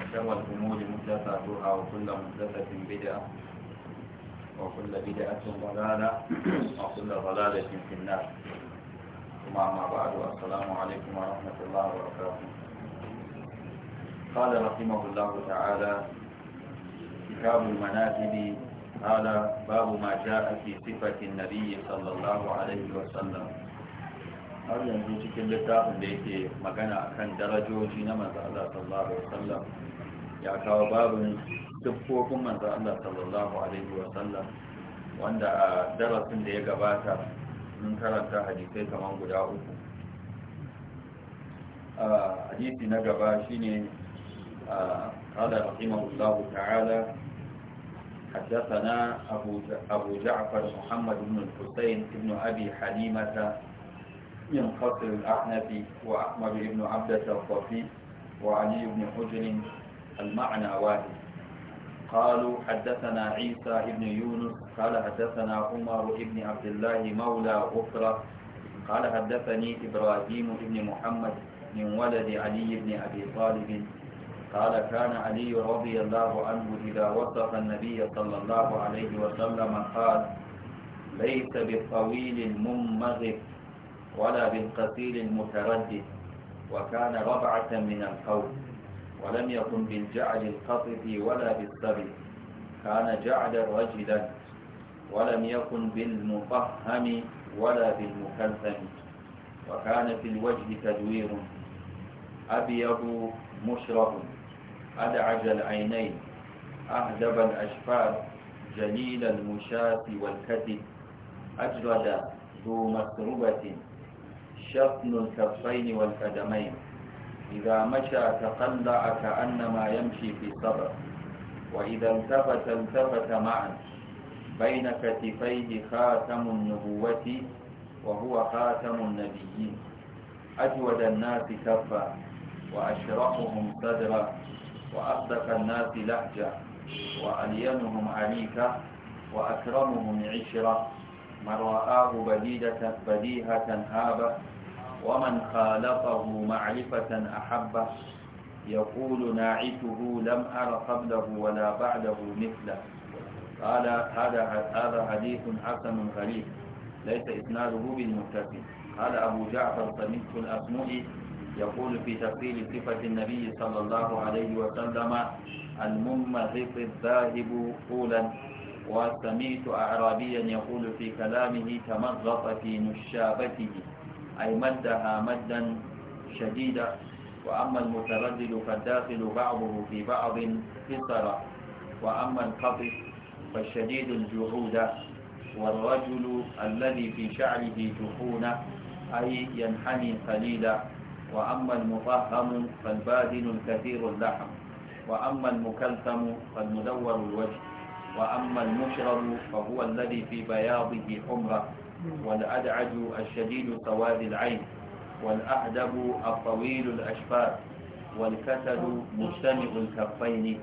وشر الأمور محدثاتها وكل محدثة بدعة وكل بدعة ضلالة وكل ضلالة في النار ثم أما بعد والسلام عليكم ورحمة الله وبركاته قال رحمه الله تعالى كتاب المناكب قال باب ما جاء في صفة النبي صلى الله عليه وسلم har yanzu cikin littafin da yake magana akan darajoji na manzo صلى الله عليه وسلم ya kawo babin dukkokin manzan Allah sallallahu Alaihi wasallam wanda a darasin da ya gabata nun karanta hadisai kamar guda uku hadisi na gaba shi ne a ƙadar rahimahullahu ta'ala haddasana abu ja'afar muhammadu nun hussein ibn abi halimata yin fasirin ahnafi wa ahmadu ibn abdatar kofi wa aliyu ibn hujjinin المعنى واحد قالوا حدثنا عيسى بن يونس قال حدثنا عمر بن عبد الله مولى غفرة قال حدثني إبراهيم بن محمد من ولد علي بن أبي طالب قال كان علي رضي الله عنه إذا وصف النبي صلى الله عليه وسلم قال ليس بالطويل الممغف ولا بالقصير المتردد وكان ربعة من القول ولم يكن بالجعل القطط ولا بالصبي كان جعلا رجلا ولم يكن بالمفهم ولا بالمكلثم وكان في الوجه تدوير أبيض مشرب أدعج العينين أهدب الأشفار جليل المشاة والكتب أجرد ذو مسربة شطن الكفين والقدمين إذا مشى تقلع كأنما يمشي في الصبر وإذا التفت التفت معا بين كتفيه خاتم النبوة وهو خاتم النبيين أجود الناس كفا وأشرقهم صدرا وأصدق الناس لهجة وألينهم عليكة وأكرمهم عشرة من رآه بديهة هابة ومن خالطه معرفة أحبه يقول ناعته لم أر قبله ولا بعده مثله قال هذا هذا حديث حسن غريب ليس إسناده بالمتفق قال أبو جعفر سمعت الأسمعي يقول في تفصيل صفة النبي صلى الله عليه وسلم المنمذق الذاهب طولا وسمعت أعرابيا يقول في كلامه تمغط في نشابته أي مدها مدا شديدا وأما المتردد فالداخل بعضه في بعض قصرا وأما القطف فالشديد الجحود والرجل الذي في شعره جحونة أي ينحني قليلا وأما المطهم فالبادن الكثير اللحم وأما المكلثم فالمدور الوجه وأما المشرب فهو الذي في بياضه حمرة والأدعج الشديد سواد العين والأحدب الطويل الأشفار والكسل مجتمع الكفين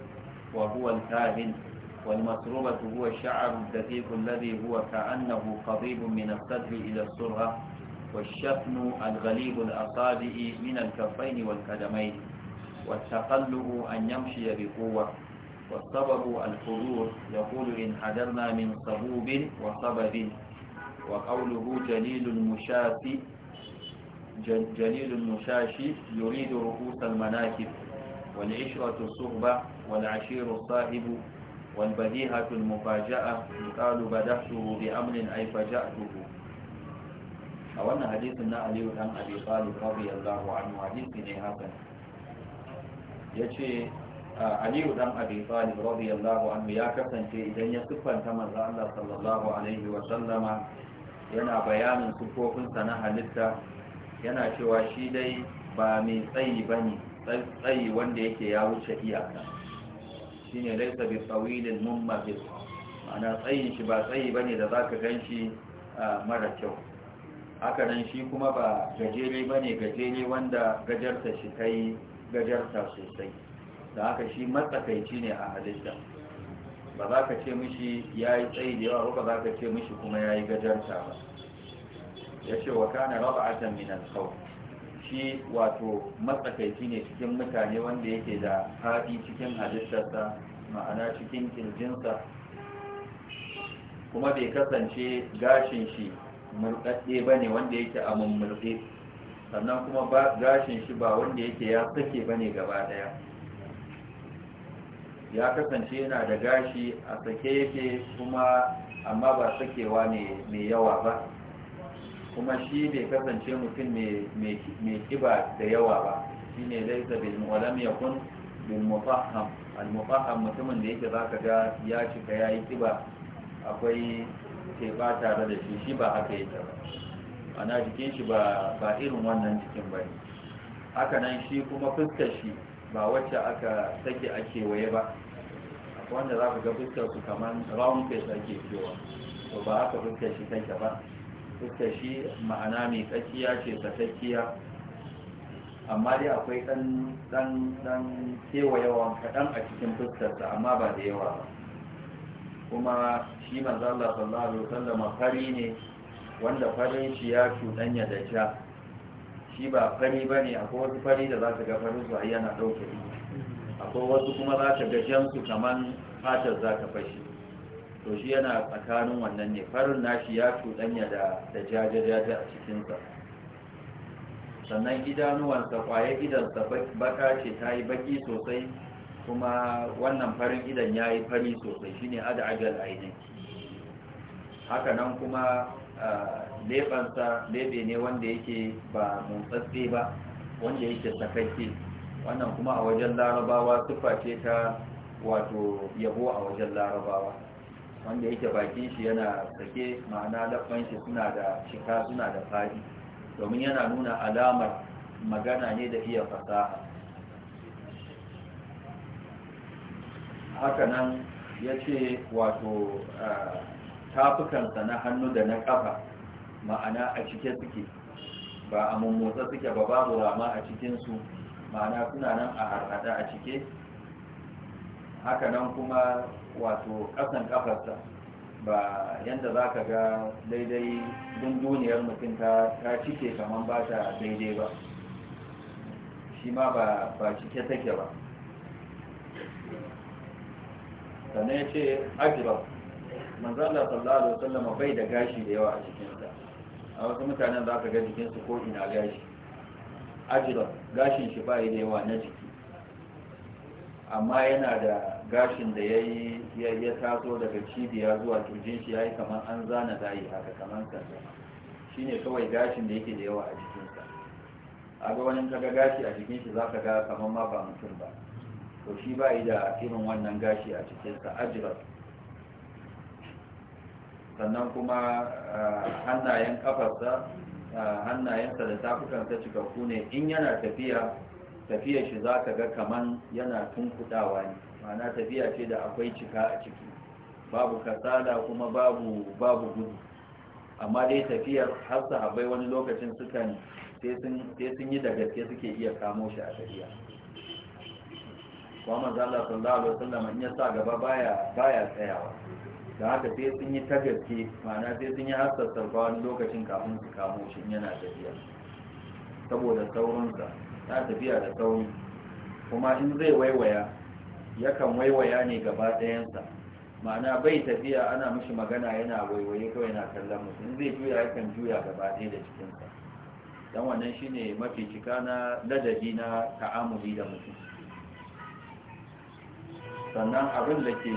وهو الكاهن والمسروبة هو الشعر الدقيق الذي هو كأنه قضيب من الصدر إلى السرعة والشفن الغليب الأصابع من الكفين والقدمين والتقلب أن يمشي بقوة والصبب الخضور يقول إن حذرنا من صبوب وصبب وقوله جليل المشاشي جليل المشاشي يريد رؤوس المناكب والعشرة الصحبة والعشير الصاحب والبديهة المفاجأة قالوا بدأته بأمر أي فجأته أولنا حديثنا علي عن أبي طالب رضي الله عنه حديثنا هكذا yace Aliyu dan Abi Talib radiyallahu anhu ya kasance idan ya siffanta manzo Allah sallallahu alaihi wa sallama yana bayanin sufofinsa na halitta yana cewa shi dai ba mai tsayi ba ne tsayi wanda yake ya wuce iyaka shi ne laisa bi tsawilin mummabis ana tsayin shi ba tsayi bane da zaka ka gan shi mara kyau haka nan shi kuma ba gajere ba ne gajere wanda gajarta shi ta yi gajarta sosai da haka shi matsakaici ne a halitta ba za ka ce mishi ya yi tsayi da yawa ba za ka ce mishi kuma ya yi gajarta ba ya ce wa kana raba atan minan sau shi wato matsakaici ne cikin mutane wanda yake da haɗi cikin halittarsa ma'ana cikin kirjinsa kuma bai kasance gashin shi murɗaɗɗe ba ne wanda yake a mummurɗe sannan kuma gashin shi ba wanda yake ya sake ba ne gaba ɗaya ya kasance yana da gashi a sake yake kuma amma ba sakewa mai yawa ba kuma shi bai kasance mutum mai kiba da yawa ba shi ne zai bil mu'alam kun bin mufaham al mufaham mutumin da yake zaka ga ya cika yayi kiba akwai teba tare da shi shi ba haka yake ba ana jikin shi ba irin wannan jikin ne. haka nan shi kuma fuskar shi ba wacce aka sake a kewaye ba wanda za ku ga fuskar su kamar round face ake cewa to ba haka fuskar shi take ba fuskar shi ma'ana mai tsakiya ce tsakiya. amma dai akwai dan dan dan kaɗan a cikin fuskarsa amma ba da yawa ba kuma shi manzo Allah sallallahu alaihi wasallam fari ne wanda farin shi ya cuɗanya da ja shi ba fari ba ne akwai wasu fari da za su ga farin su ai yana ɗauke akwai wasu kuma za ka ga jansu kamar fatar za ka fashi to shi yana tsakanin wannan ne farin nashi ya cuɗanya da da jajajaja a cikinsa sannan idanuwansa kwaye idansa baka ce ta yi baki sosai kuma wannan farin idan ya yi fari sosai shine ada agal ainihi haka nan kuma lebansa lebe ne wanda yake ba motsatse ba wanda yake sakaike wannan kuma a wajen larabawa tufa ce ta wato yabo a wajen larabawa wanda yake bakin shi yana sake ma'ana labban shi suna da shika suna da fadi domin yana nuna alamar magana ne da iya fasaha hakanan ya ce wato tafukansa na hannu da na kafa ma'ana a cike suke ba a mummotsa suke ba babu rama a cikinsu ma'ana suna nan a harhada a cike hakanan kuma wato ƙasan ƙafarsa ba yadda za ka ga daidai dunduniyar mutum ta cike kamar ba ta daidai ba shi ma ba cike take ba sannan ya ce ajiyar manzala sallallahu alaihi wasallam bai da gashi da yawa a jikinsa a wasu mutanen za ka ga jikinsu ko ina gashi ajira gashin shi bai da yawa na jiki amma yana da gashin da yayi ya taso daga cibiya zuwa kirjin shi yayi kamar an zana dai haka kamar kanta shine kawai gashin da yake da yawa a jikinsa a ga wani kaga gashi a jikin shi zaka ga kamar ma ba mutum ba to shi bai da irin wannan gashi a cikinsa, ajira sannan kuma eh, hannayen kafarsa eh, hannayensa da tafukansa cikakku ne in yana tafiya tafiyar shi za ka ga kaman yana tunkudawa ne ma'ana tafiya ce da akwai cika a ciki babu kasala kuma babu babu gudu amma dai tafiyar har habai wani lokacin sukan sai sun yi da gaske suke iya kamo shi a tafiya kuma manzo Allah sallallahu alaihi wasallam in ya sa gaba baya tsayawa da haka sai sun yi tagaske ma'ana sai sun yi ba wani lokacin kafin su kamo shi yana tafiya saboda saurinsa ta tafiya da sauri kuma in zai waiwaya yakan waiwaya ne gaba ɗayansa ma'ana bai tafiya ana mishi magana yana waiwaye kawai na kallon musu in zai juya yakan juya gaba ɗaya da cikinsa don wannan shi ne mafi cika na ladabi na ta'amuli da mutum sannan abin da ke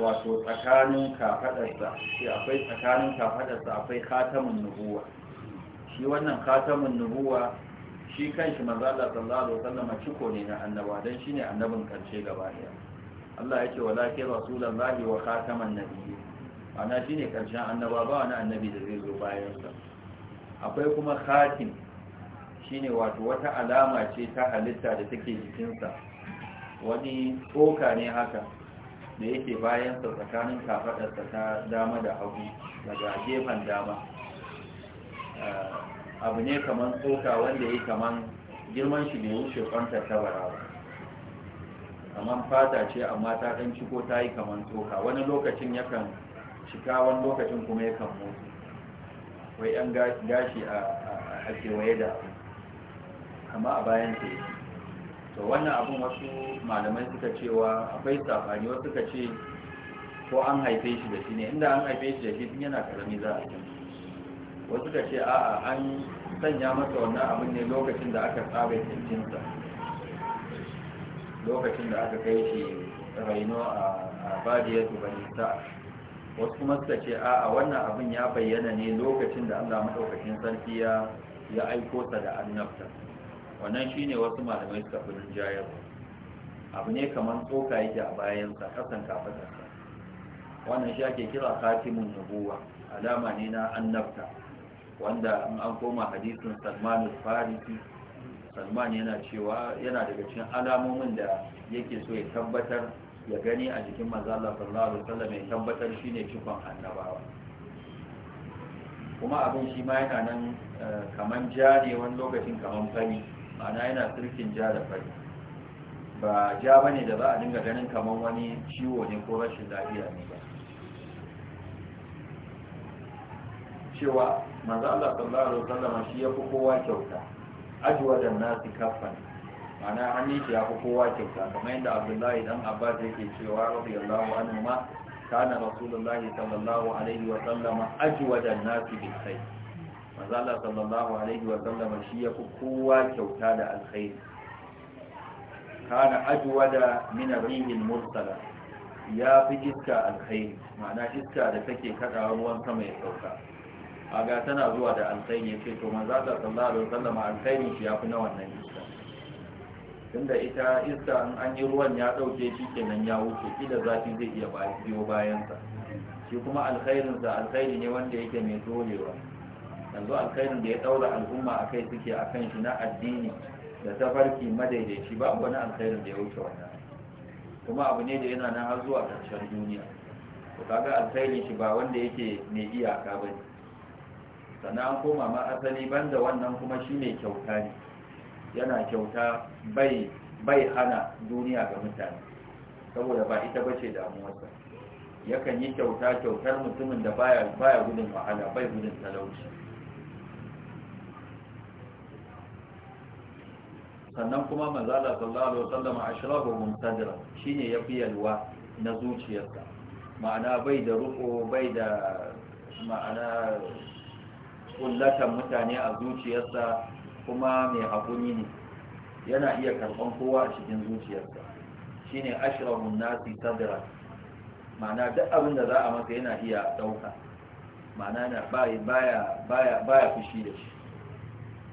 wato tsakanin kafadarsa shi akwai tsakanin kafadarsa akwai khatamun nubuwa shi wannan khatamun nubuwa shi kanshi manzo Allah sallallahu alaihi wasallam ciko ne na annaba dan shine annabin karshe gaba daya Allah yake walakin rasulullahi wa khataman nabiyyi ana shine karshen annaba ba wani annabi da zai zo bayan sa akwai kuma khatim shine wato wata alama ce ta halitta da take jikinsa wani tsoka ne haka da yake bayan sa tsakanin kafadarsa ta dama da hagu daga gefen dama eh, abu ne kamar tsoka wanda ya kaman girman shi bai wuce kwantar ta barawa kamar fata ce amma ta ɗan ciko ta yi kamar tsoka wani lokacin yakan shiga wani lokacin kuma ya kan motsi wai yan gashi a kewaye da amma a bayan ta yi. to wannan abin wasu malamai suka cewa akwai safani wasu suka ce ko an haife shi da shi ne inda an haife shi da shi tun yana karami za a san wasu suka ce a'a an sanya masa wannan abin ne lokacin da aka tsara cikinsa lokacin da aka kai shi raino a badiyar tubanisa wasu kuma suka ce a'a wannan abin ya bayyana ne lokacin da allah maɗaukakin sarki ya aiko sa da annabta wannan ne wasu malamai suka fi rinjayar abu ne kamar tsoka yake a bayansa kasan kasa. wannan shi ake kira Katimun nabuwa alama ne na annabta wanda in an koma hadisin salman farisi salman yana cewa yana daga cikin alamomin da yake so ya tabbatar ya gani a jikin manzo sallallahu alaihi ya tabbatar shine cikon annabawa kuma abin shi ma yana nan eh, kamar ja wani lokacin kamar fani ma'ana yana sirkin ja da fari ba ja ba ne da za a dinga ganin kamar wani ciwo ne ko rashin lafiya ne ba cewa maza Allah sallallahu alaihi wasallam shi ya fi kowa kyauta ajwa da nasi kafan ma'ana hannun shi ya fi kowa kyauta kamar yadda Abdullahi dan Abbas yake cewa radiyallahu anhu ma kana rasulullahi sallallahu alaihi wasallam ajwa da nasi bil khair manzo Allah sallallahu alaihi wa sallam shi ya fi kowa kyauta da alkhairi kana da min rihil Murtala? ya fi iska alkhairi ma'ana iska da take kada ruwan sama ya sauka A ga tana zuwa da alkhairi ce to manzo Allah sallallahu alaihi wa sallam alkhairi shi ya fi na wannan iska tunda ita iska in an yi ruwan ya dauke shi kenan ya wuce kila zafi zai iya biyo bayansa shi kuma alkhairinsa alkhairi ne wanda yake mai dorewa yanzu alkhairin da ya daura al'umma a kai suke a kan shi na addini da tafarki madaidaici ba wani alkhairin da ya wuce wannan kuma abu ne da yana nan har zuwa ƙarshen duniya to kaga alkhairin shi ba wanda yake mai iyaka ba ne sannan an koma ma asali banda wannan kuma shi mai kyauta ne yana kyauta bai bai hana duniya ga mutane saboda ba ita bace damuwarsa yakan yi kyauta kyautar mutumin da baya baya gudun wahala bai gudun talauci sannan kuma manzala sallallahu alaihi wasallam ashrahu mumtadira shine yafi yalwa na zuciyarsa ma'ana bai da ruko bai da ma'ana kullatan mutane a zuciyarsa kuma mai hakuri ne yana iya karban kowa a cikin zuciyarsa shine ashrahu nasi tadira ma'ana duk abin da za a masa yana iya dauka ma'ana baya baya baya fushi da shi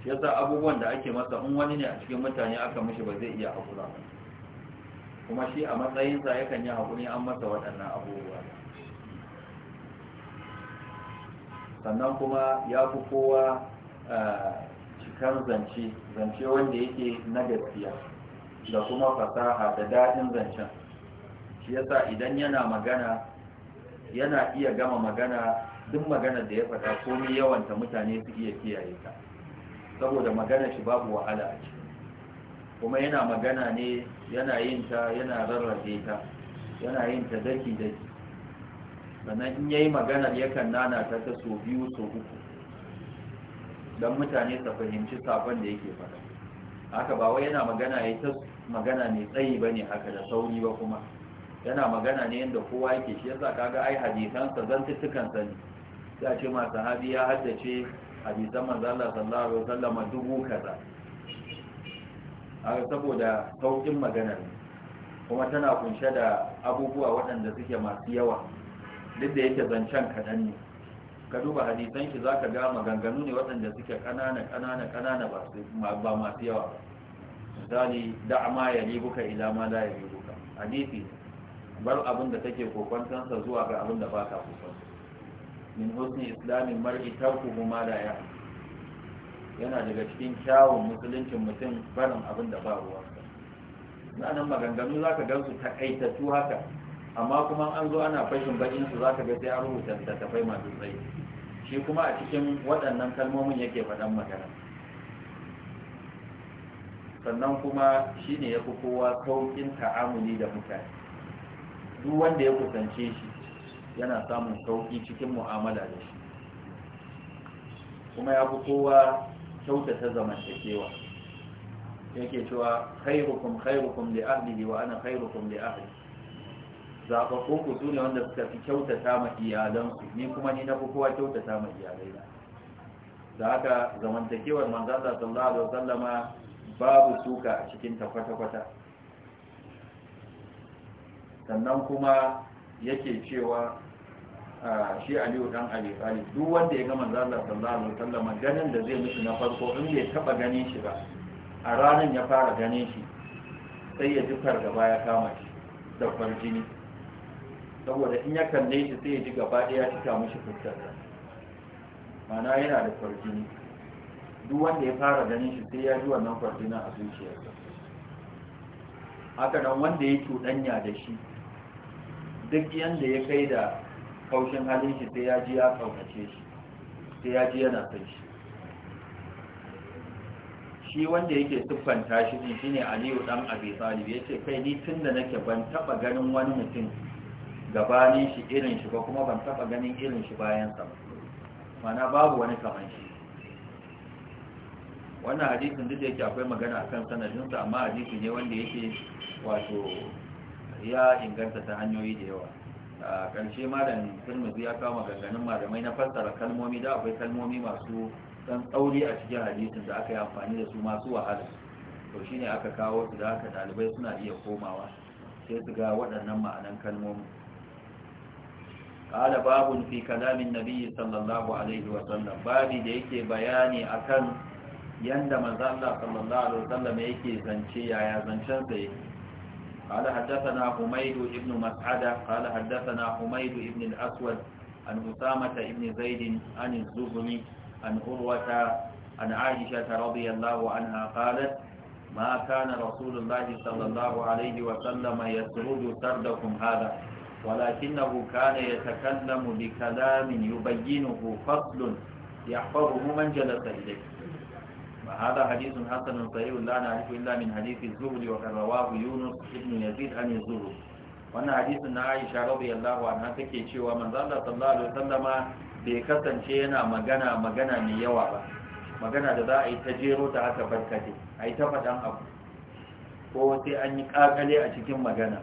yasa abubuwan da ake masa in wani ne a cikin mutane aka mishi ba zai iya haƙura kuma shi a matsayinsa yakan yi haƙuri an masa waɗannan abubuwa sannan kuma ya fi kowa eh, cikar zance zance wanda yake na gaskiya da kuma fasaha da daɗin zancen shi ya sa idan yana magana yana iya gama magana duk magana da ya faɗa komai yawanta mutane su iya kiyaye ta saboda magana shi babu wahala a ciki kuma yana magana ne yana yin ta yana rarrabe ta yana yin ta daki daki sannan in yayi maganar yakan nana ta ta so biyu so uku don mutane su fahimci sabon da yake faɗa haka ba wai yana magana ya ta magana mai tsayi ba ne haka da sauri ba kuma yana magana ne yadda kowa yake shi yasa kaga ai hadisansa zantuttukansa ne sai a ce ma sahabi ya haddace hadisan manzo Allah sallallahu alaihi wasallam dubu kaza a saboda saukin magana kuma tana kunshe da abubuwa waɗanda suke masu yawa duk da yake zancen kaɗan ne ka duba hadisan shi za ka ga maganganu ne waɗanda suke ƙanana ƙanana ƙanana ba masu yawa misali da ma ya ribuka ila ma la ya ribuka hadisi bar abin da take kokwantansa zuwa ga abin da baka kokwantansa min husni islamin mar'i tarku ma la ya yana daga cikin kyawun musuluncin mutum barin abin da ba ruwa nan maganganu za ka gansu takaitattu haka amma kuma an zo ana fashin bakin su zaka ka ga sai an rubuta tafai masu tsayi shi kuma a cikin waɗannan kalmomin yake faɗan magana sannan kuma shine ne ya fi kowa sauƙin ta'amuli da mutane duk wanda ya kusance shi yana samun sauki cikin mu'amala da shi kuma ya fi kowa kyautata zamantakewa yake cewa kai hukum da ahdili wa ana khairukum li ahli zababbu ku sune wanda suka fi kyautata ma iyalansu ni kuma ni na fi kowa kyautata ma iyalai iyalaina da haka zamantakewar manzon sallallahu alaihi wasallama babu suka a cikin takwata-kwata sannan kuma yake cewa shi aliyu dan abi talib duk wanda ya ga manzo Allah sallallahu alaihi wasallam ganin da zai mutu na farko in bai taba ganin shi ba a ranar ya fara ganin shi sai ya ji fargaba ya kama shi da farjini saboda in ya kalle shi sai ya ji gaba ɗaya cika mishi fuskarsa mana yana da farjini duk wanda ya fara ganin shi sai ya ji wannan kwarjinin a zuciyarsa haka nan wanda ya cuɗanya da shi duk yanda ya kai da kaushin halin shi sai ya ji ya kaunace shi sai ya ji yana son shi shi wanda yake siffanta shi din shine Aliyu dan Abi Talib yace kai ni tunda nake ban taba ganin wani mutum gabanin shi irin shi ba kuma ban taba ganin irin shi bayan sa mana babu wani kaman shi wannan hadisin duk da yake akwai magana akan sanadin sa amma hadisi ne wanda yake wato ya inganta ta hanyoyi da yawa a ƙarshe malam turmuzi ya kawo maganganun malamai na fassara kalmomi da akwai kalmomi masu dan tsauri a cikin hadisin da aka yi amfani da su masu wahala to shine aka kawo su da aka dalibai suna iya komawa sai su ga waɗannan ma'anan kalmomi qala babu fi kalamin nabiyyi sallallahu alaihi wa sallam babi da yake bayani akan yanda manzo Allah sallallahu alaihi wa sallam yake zance yaya zancen sa yake قال حدثنا حميد بن مسعدة قال حدثنا حميد بن الأسود عن أسامة بن زيد عن الزهري عن عروة عن عائشة رضي الله عنها قالت ما كان رسول الله صلى الله عليه وسلم يسرد سردكم هذا ولكنه كان يتكلم بكلام يبينه فصل يحفظه من جلس إليه فهذا حديث حسن صحيح لا نعرف إلا من حديث الزهري وقد رواه يونس بن يزيد عن الزهري wannan hadisin na Aisha radiyallahu anha take cewa manzo Allah sallallahu alaihi wasallama bai kasance yana magana magana mai yawa ba magana da za a yi ta jero ta haka barkate a yi ta fadan abu ko sai an yi ƙaƙale a cikin magana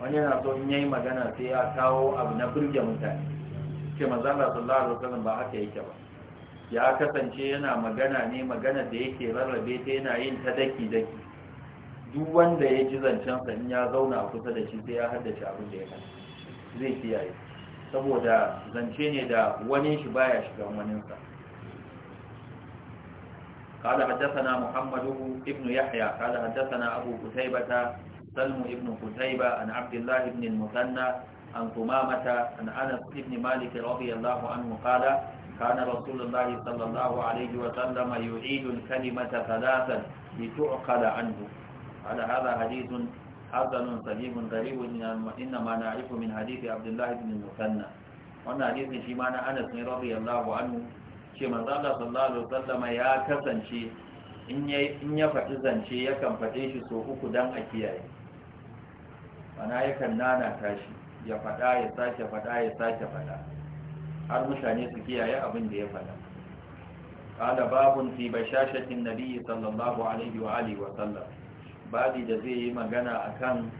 wani yana so in yayi magana sai ya kawo abu na burge mutane ce manzo Allah sallallahu alaihi wasallam ba haka yake ba ya kasance yana magana ne magana da yake rarrabe ta yana yin ta daki-daki duk wanda ya ji zancensa in ya zauna a kusa da shi sai ya haddace abin da ya kan zai kiyaye saboda zance ne da wani shi baya shiga waninsa قال حدثنا محمد بن يحيى قال حدثنا أبو قتيبة سلم بن قتيبة عن عبد الله بن المثنى عن قمامة عن أنس بن مالك رضي الله عنه قال كان رسول الله صلى الله عليه وسلم يعيد الكلمة ثلاثا لتعقل عنه على هذا حديث حسن صحيح غريب إنما نعرف من حديث عبد الله بن المثنى وانا حديث شيما أنس رضي الله عنه ce manzala sallallahu sallama ya kasance in ya faɗi zance yakan faɗe shi so uku don a kiyaye mana yakan nana tashi ya faɗa ya sake faɗa ya sake faɗa har mutane su kiyaye abin da ya faɗa qala babun fi bashashatin nabiyyi sallallahu alaihi wa alihi wa sallam babi da zai yi magana akan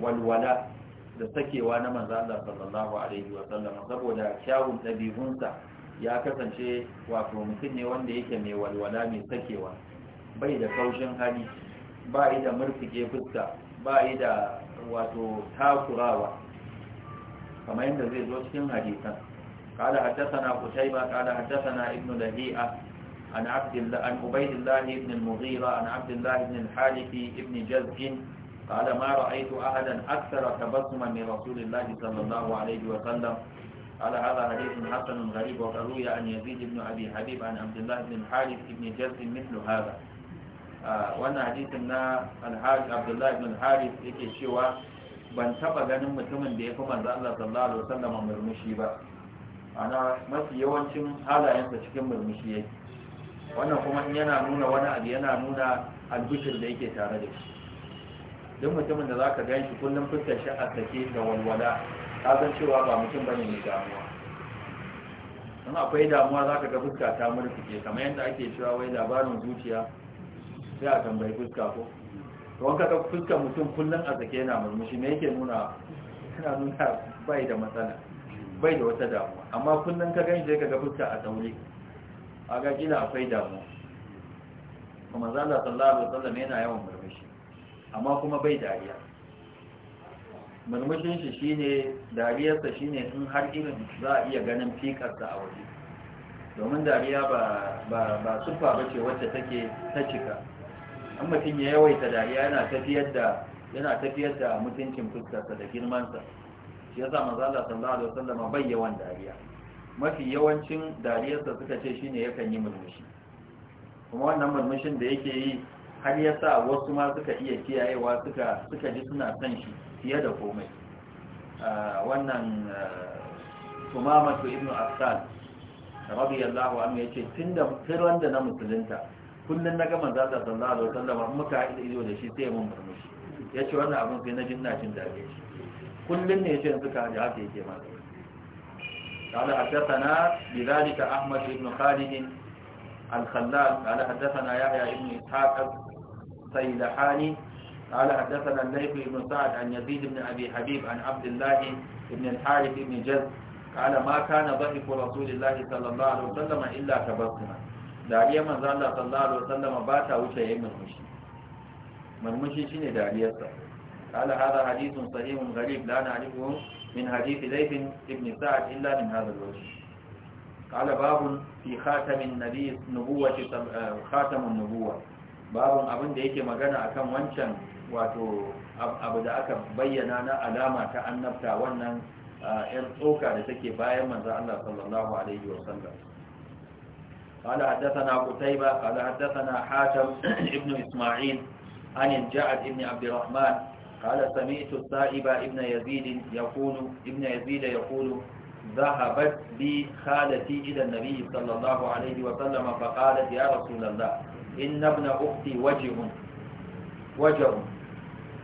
walwala da sakewa na manzo Allah sallallahu alaihi wa sallam saboda kyawun dabi'unsa ya kasance wato mutum ne wanda yake mai walwala mai sakewa bai da kaushin hali bai da murfike fuska bai da wato takurawa kamar yadda zai zo cikin hadisan قال حدثنا قتيبة قال حدثنا ابن لهيئة عن عبد الله عن عبيد الله بن المغيرة عن عبد الله بن الحارث بن جزء قال ما رأيت أحدا أكثر تبسما من رسول الله صلى الله عليه وسلم قال هذا حديث حسن غريب وروي عن يزيد بن أبي حبيب عن عبد الله بن الحارث بن جزء مثل هذا آه، وانا حديث ان الحاج عبد الله بن الحارث يكشوا بن ban taba ganin بيكم da الله fi manzo Allah sallallahu alaihi ana mafi yawancin halayensa cikin murmushi yake wannan kuma in yana nuna wani abu yana nuna albishir da yake tare da shi duk mutumin da zaka gan shi kullum fuskar shi a sake da walwala ka san cewa ba mutum bane mai damuwa in akwai damuwa zaka ga fuska ta murfuke kamar yadda ake cewa wai labarin zuciya sai a tambayi fuska ko to wanka ka fuskar mutum kullum a sake yana murmushi me yake nuna yana nuna bai da matsala bai da wata damuwa amma kullum ka gani zai ka fuska a daure a ga kila akwai damuwa kuma a sallallahu alaihi wasallam yana yawan murmushi amma kuma bai dariya murmushin shi ne dariyarsa ne in har irin za a iya ganin fikarsa a waje domin dariya ba ba ba ce wacce take ta cika an mutum ya yawaita dariya yana tafiyar da mutuncin fuskarsa da girmansa shi yasa manzo Allah sallallahu alaihi wasallam bai yawan dariya mafi yawancin dariyarsa suka ce shine yakan yi murmushi kuma wannan murmushin da yake yi har yasa wasu ma suka iya kiyayewa suka suka ji suna san shi fiye da komai wannan Tumamatu ibn Affan radiyallahu anhu yace tunda tiran da na musulunta kullun naga manzo Allah sallallahu alaihi wasallam muka ido da shi sai mun murmushi yace wannan abin sai na jinna jin dariya kullum ne yace yanzu ka haji haka yake ma قال حدثنا بذلك أحمد بن خالد الخلال قال حدثنا يحيى بن إسحاق السيلحاني قال حدثنا الليث بن سعد عن يزيد بن أبي حبيب عن عبد الله بن الحارث بن جز قال ما كان ضحك رسول الله صلى الله عليه وسلم إلا تبسما dariya manzo Allah sallallahu alaihi wasallama ba ta wuce yayin murmushi murmushi shine dariyarsa قال هذا حديث صحيح غريب لا نعرفه من حديث زيد بن سعد إلا من هذا الوجه قال باب في خاتم النبي نبوة خاتم النبوة باب أبن ديك مغانا أكم وانشان wato abu da aka bayyana na alama ta annabta wannan yan tsoka da take bayan manzo Allah sallallahu alaihi wasallam قال حدثنا قتيبة قال حدثنا حاتم ابن إسماعيل عن الجعد ابن عبد الرحمن قال سمعت السائب ابن يزيد يقول ابن يزيد يقول ذهبت بي خالتي إلى النبي صلى الله عليه وسلم فقالت يا رسول الله إن ابن أختي وجه وجه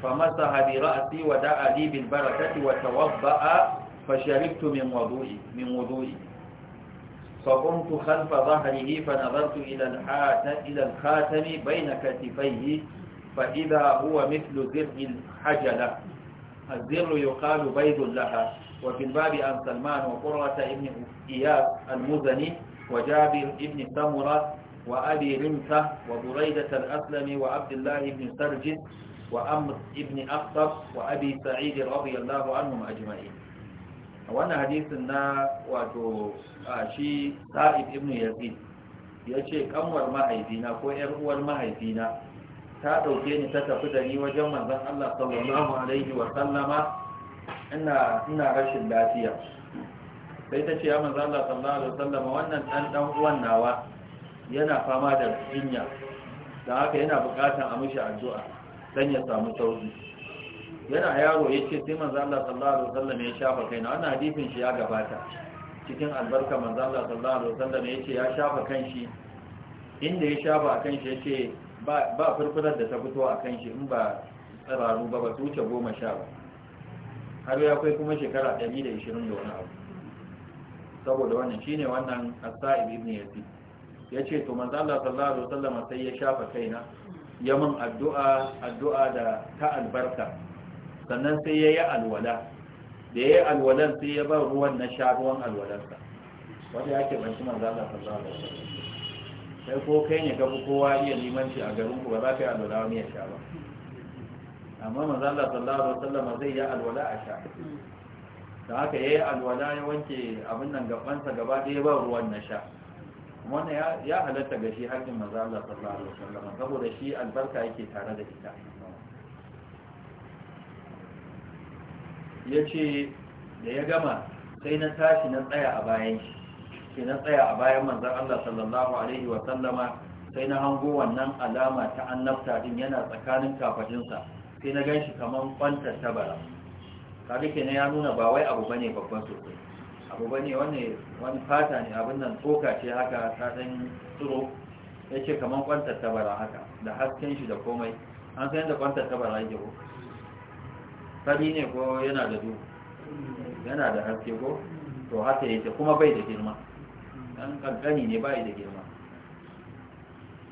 فمسح برأسي ودعا لي بالبركة وتوضأ فشربت من وضوئي من وضوئي فقمت خلف ظهره فنظرت إلى الحاتم إلى الخاتم بين كتفيه فإذا هو مثل درع الحجلة الدرع يقال بيض لها وفي الباب عن سلمان وقرة ابن إياس المزني وجابر ابن سمرة وأبي رمسة وبريدة الأسلمي وعبد الله بن سرجس وأمر ابن أخطب وأبي سعيد رضي الله عنهم أجمعين wannan hadisin na wato shi sa'ib ibn yazid ya ce kanwar mahaifina ko yar uwar mahaifina ta ɗauke ni ta tafi da ni wajen manzan Allah sallallahu alaihi wa sallama ina ina rashin lafiya sai ta ce ya manzan Allah sallallahu alaihi wa sallama wannan dan dan uwan nawa yana fama da jinya da haka yana buƙatar a mishi addu'a don ya samu sauki yana yaro ya ce sai manzan Allah sallallahu alaihi wa sallama ya shafa kaina wannan hadisin shi ya gabata cikin albarka manzan Allah sallallahu alaihi wa sallama ce ya shafa kanshi inda ya shafa kanshi ce. ba furfurar da ta fito a kan shi in ba tsararru ba ba tuce wuce goma sha ba har ya kai kuma shekara 120 da wani abu saboda wannan shine wannan as ya ibn Ya ce to manzo Allah sallallahu alaihi wasallam sai ya shafa kaina ya min addu'a addu'a da ta albarka sannan sai ya yi alwala da ya yi alwalan sai ya ba ruwan na sha ruwan alwalansa wanda yake ban shi manzo Allah sallallahu alaihi wasallam sai ko kai ne gabu kowa iya limanci a garin ku ba za ka yi alwala miya sha ba amma manzan da sallallahu alaihi wasallam zai yi alwala a sha da haka yayi alwala ya wanke abin nan gabansa gaba ɗaya ba ruwan na sha wannan ya halatta ga shi hakkin manzan Allah sallallahu alaihi wasallam saboda shi albarka yake tare da ita yace da ya gama sai na tashi na tsaya a bayan shi ke na tsaya a bayan manzan Allah sallallahu alaihi wa sallama sai na hango wannan alama ta annabta din yana tsakanin kafajinsa sai na ganshi kaman kwantar tabara ke na ya nuna ba wai abu bane babban sosai abu bane wani wani fata ne abin nan tsoka ce haka ta dan ya ce kaman kwantar tabara haka da hasken shi da komai an san yadda kwantar tabara yake ko sabi ne ko yana da duhu yana da haske ko to haka yake kuma bai da girma أن kankani ne bai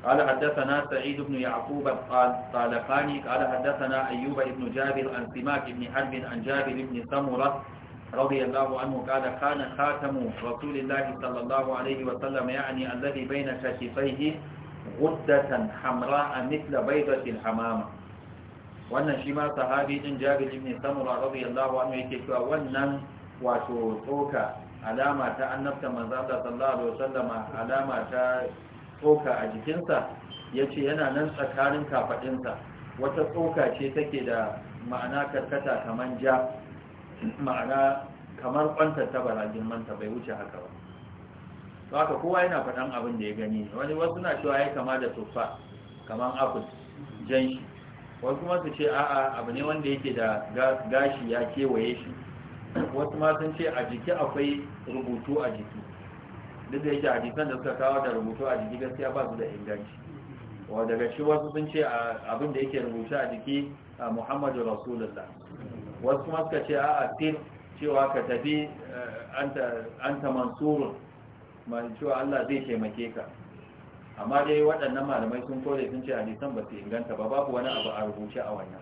قال حدثنا سعيد بن يعقوب الطالقاني قال حدثنا أيوب بن جابر عن سماك بن حرب عن جابر بن سمرة رضي الله عنه قال كان خاتم رسول الله صلى الله عليه وسلم يعني الذي بين كتفيه غدة حمراء مثل بيضة الحمامة وأن شما صحابي جابر بن سمرة رضي الله عنه anhu وأن cewa alama ta annabta manzan Allah sallallahu alaihi wasallama alama ta tsoka a jikinsa yace yana nan tsakanin kafadinsa wata tsoka ce take da ma'ana karkata kaman ja ma'ana kamar kwantar ta barajin manta bai wuce haka ba to haka kowa yana faɗan abin da ya gani wani wasu na cewa ya kama da tuffa kaman apple jan shi wasu kuma su ce a'a abu ne wanda yake da gashi ya kewaye shi wasu ma sun ce a jiki akwai rubutu a jiki duk da yake jikin da suka kawo da rubutu a jiki gaskiya ba su da inganci wa daga shi wasu sun ce abin da yake rubuce a jiki a muhammadu rasulullah wasu kuma suka ce a asir cewa ka tafi eh, an ta mansurun mai cewa allah zai taimake ka amma dai waɗannan malamai sun kore sun ce jikin ba su inganta ba babu wani abu a rubuce a wannan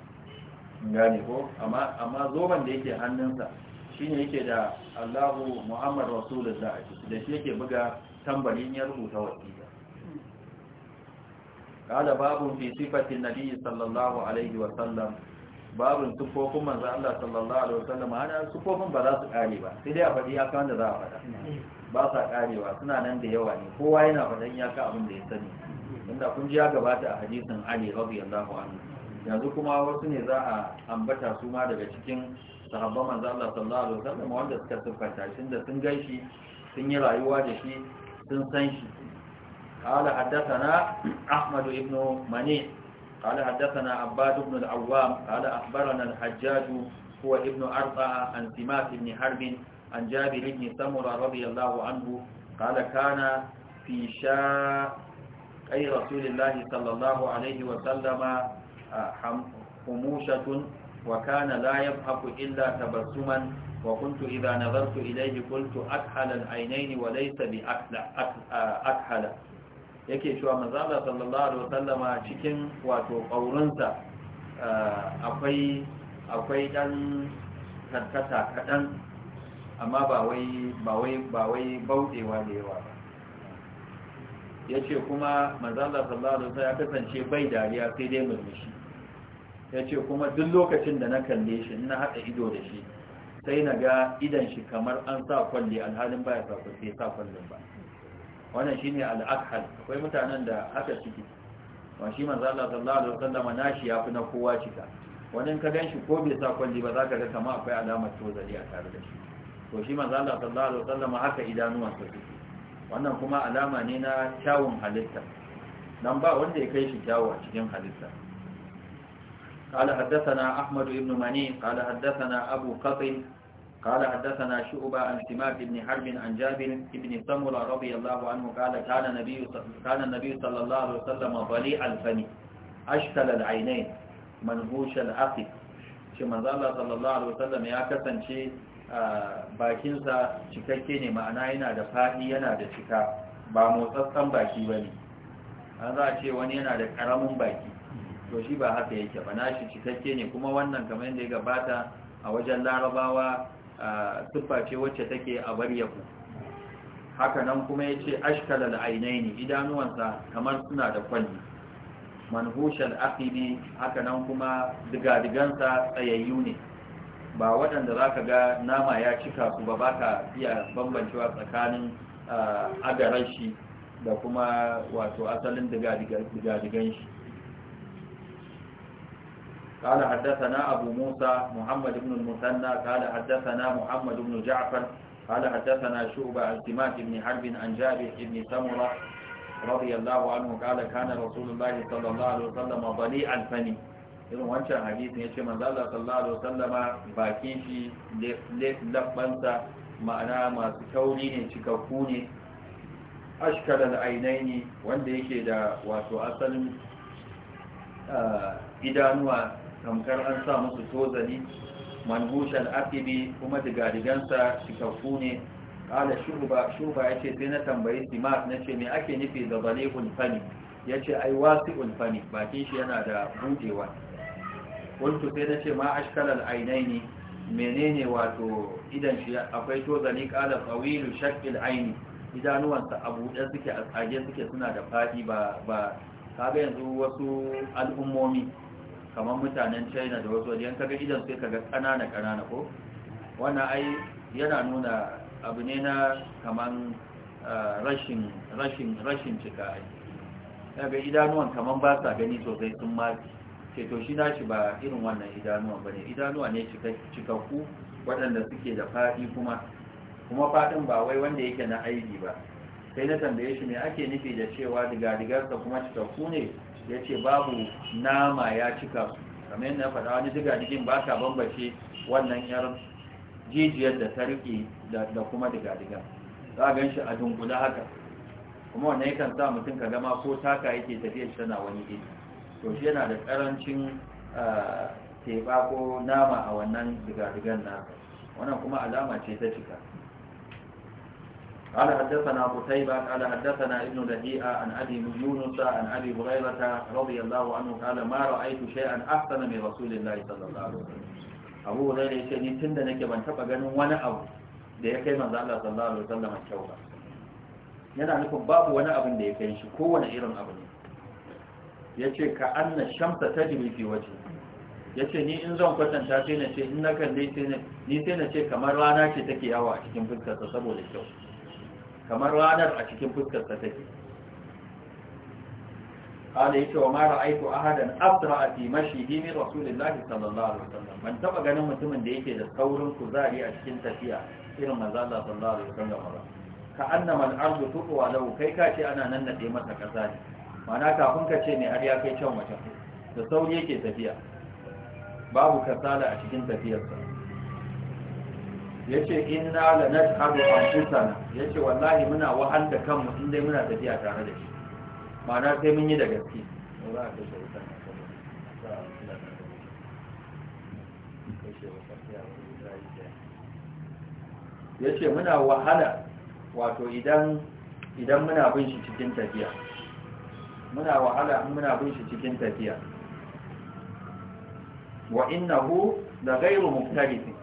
gane ko amma zoben da yake hannunsa shine yake da Allahu Muhammad Rasulullah da shi yake buga tambarin ya rubuta wasiya kada babun fi sifatin nabi sallallahu alaihi wa sallam babun sufofin manzo Allah sallallahu alaihi wa sallam ana sufofin ba za su kare ba sai dai a faɗi aka wanda za a faɗa ba sa karewa suna nan da yawa ne kowa yana faɗan yaka abin da ya sani inda kun ji ya gabata a hadisin Ali radiyallahu anhu yanzu kuma wasu ne za a ambata su ma daga cikin sahabba manzo Allah sallallahu alaihi wasallam wanda suka tsufa ta sun gaishi sun yi rayuwa da shi sun san shi qala haddathana ahmad ibn mani qala haddathana abbad ibn al-awwam qala akhbarana al-hajjaj huwa ibn arba'a an timat ibn harb an jabir ibn samura radiyallahu anhu qala kana fi sha ay rasulillahi sallallahu alaihi wasallama ah, humushatun وكان لا يضحك إلا تبسما وكنت إذا نظرت إليه قلت أكحل العينين وليس بأكحل yake cewa manzala sallallahu alaihi wasallama cikin wato kaurinsa akwai akwai dan karkata kadan amma ba wai ba wai ba wai baudewa da yawa ba yace kuma manzala sallallahu alaihi wasallama ya kasance bai dariya sai dai murmushi ya ce kuma duk lokacin da na kalle shi na haɗa ido da shi sai na ga idan shi kamar an sa kwalli alhalin baya sa ku sai sa kwallon ba wannan shine al'akhal akwai mutanen da haka ciki wa shi manzo Allah sallallahu alaihi wasallam nashi yafi na kowa cika wani ka ganshi ko bai sa kwalli ba zaka ga kamar akwai alamar tozali a tare da shi to shi manzo Allah sallallahu alaihi wasallam haka idanuwan sa suke wannan kuma alama ne na kyawun halitta dan ba wanda ya kai shi kyawu a cikin halitta قال حدثنا أحمد بن مني قال حدثنا أبو قطن قال حدثنا شعبة عن سماك بن حرب عن جابر بن سمرة رضي الله عنه قال كان النبي كان النبي صلى الله عليه وسلم ضليع الفم أشكل العينين منهوش العقل shi manzala sallallahu alaihi wasallam ya kasance bakinsa cikakke ne ma'ana yana da fadi yana da cika ba motsatsan baki bane an za a ce wani yana da karamin baki to shi ba haka yake ba na shi cikakke ne kuma wannan kamar yadda ya gabata a wajen larabawa siffa ce wacce take a baryaku haka nan kuma ya ce ashkalar ainihi idanuwansa kamar suna da kwalli manhushal ne haka nan kuma digadigansa tsayayyu ne ba waɗanda za ka ga nama ya cika su ba ba ka iya bambancewa tsakanin agarar shi da kuma wato asalin digadigan shi قال حدثنا أبو موسى محمد بن المثنى قال حدثنا محمد بن جعفر قال حدثنا شعبة عن بن حرب عن جابر بن سمرة رضي الله عنه قال كان رسول الله صلى الله عليه وسلم ضليع الفم irin wancan hadisin ya ce manzala sallallahu alaihi wasallama bakin shi labbansa ma'ana masu tauri ne cikakku ne ashkalar ainihi wanda yake da wato asalin idanuwa kamkar an sa musu tozali manhushal aqibi kuma digadigansa cikakku ne kala shuba shuba yace sai na tambayi na ce me ake nufi da ulfani ya yace ai wasi'un ulfani bakin shi yana da budewa kuntu sai nace ma ashkalal ainaini menene wato idan shi akwai tozali kala qawilu shakil aini idanuwansa a buɗe suke a tsage suke suna da fadi ba ba kaga yanzu wasu al'ummomi kamar mutanen china da wasu wajen kaga idan sai kaga kanana kanana ko wannan ai yana nuna abu ne na kamar ah, rashin rashin rashin cika ai kaga idanuwan kamar ba sa gani sosai sun ma ce to shi nashi ba irin wannan idanuwan bane idanuwa ne cikakku waɗanda suke da faɗi kuma kuma faɗin ba wai wanda yake na aiki ba sai na tambaye shi me ake nufi da cewa diga-digarsa kuma cikakku ne ya ce babu nama ya cika kamar yadda faɗa wani diga digin ba ta bambace wannan yar jijiyar da ta riƙe da kuma diga digan za a gan shi a dunkula haka kuma wannan yakan sa mutum ka gama ko taka yake tafiyar shi tana wani gini to shi yana da ƙarancin teba ko nama a wannan diga digan na wannan kuma alama ce ta cika قال حدثنا قتيبة قال حدثنا ابن لهيئة عن أبي يونس عن أبي هريرة رضي الله عنه قال ما رأيت شيئا أحسن من رسول الله صلى الله عليه وسلم أبو هريرة يقول تند نكي ban تبقى ganin wani abu da ya kai manzo Allah sallallahu alaihi wasallam kyau ba yana nufin babu wani abin da ya kai shi kowane irin abu ne yace ka anna shamsa tajri fi waje. yace ni in zan kwatanta sai na ce in na kalle sai ni sai na ce kamar rana ce take yawa a cikin fuskar saboda kyau kamar ranar a cikin fuskarsa take kada yake wa mara aiko ahadan abdra a fimashi himi rasulullahi sallallahu alaihi wasallam ban taba ganin mutumin da yake da saurin kuzari a cikin tafiya irin manzo Allah sallallahu alaihi wasallam ba ka annama al-ardu tuqwa law kai ka ce ana nan nade masa kaza ne mana kafin ka ce ne har ya kai can wajen da sauri yake tafiya babu kasala a cikin tafiyarsa ya ce inna la nashhadu anfusana ya ce wallahi muna wahal da kanmu inda muna tafiya tare da shi ma'ana sai mun yi da gaske ya ce muna wahala wato idan idan muna bin shi cikin tafiya muna wahala in muna bin shi cikin tafiya wa innahu da gairu muktarifi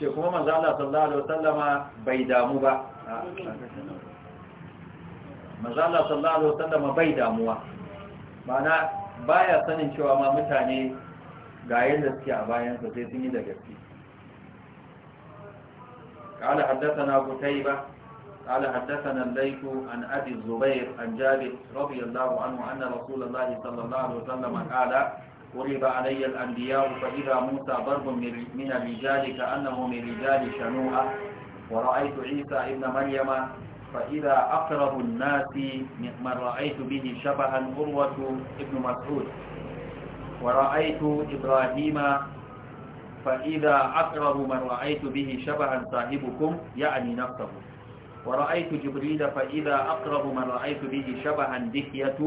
ce kuma manzo Allah sallallahu alaihi wasallama bai damu ba manzo Allah sallallahu alaihi wasallama bai damuwa mana baya sanin cewa ma mutane ga da suke a bayan sa sai sun yi da gaske قال حدثنا قتيبة قال حدثنا الليث عن أبي الزبير عن جابر رضي الله عنه أن رسول الله صلى الله عليه وسلم قال قرب علي الأنبياء فإذا موسى ضرب من الرجال كأنه من رجال شنوءة ورأيت عيسى ابن مريم فإذا أقرب الناس من رأيت به شبها أروة ابن مسعود ورأيت إبراهيم فإذا أقرب من رأيت به شبها صاحبكم يعني نفسه ورأيت جبريل فإذا أقرب من رأيت به شبها دكية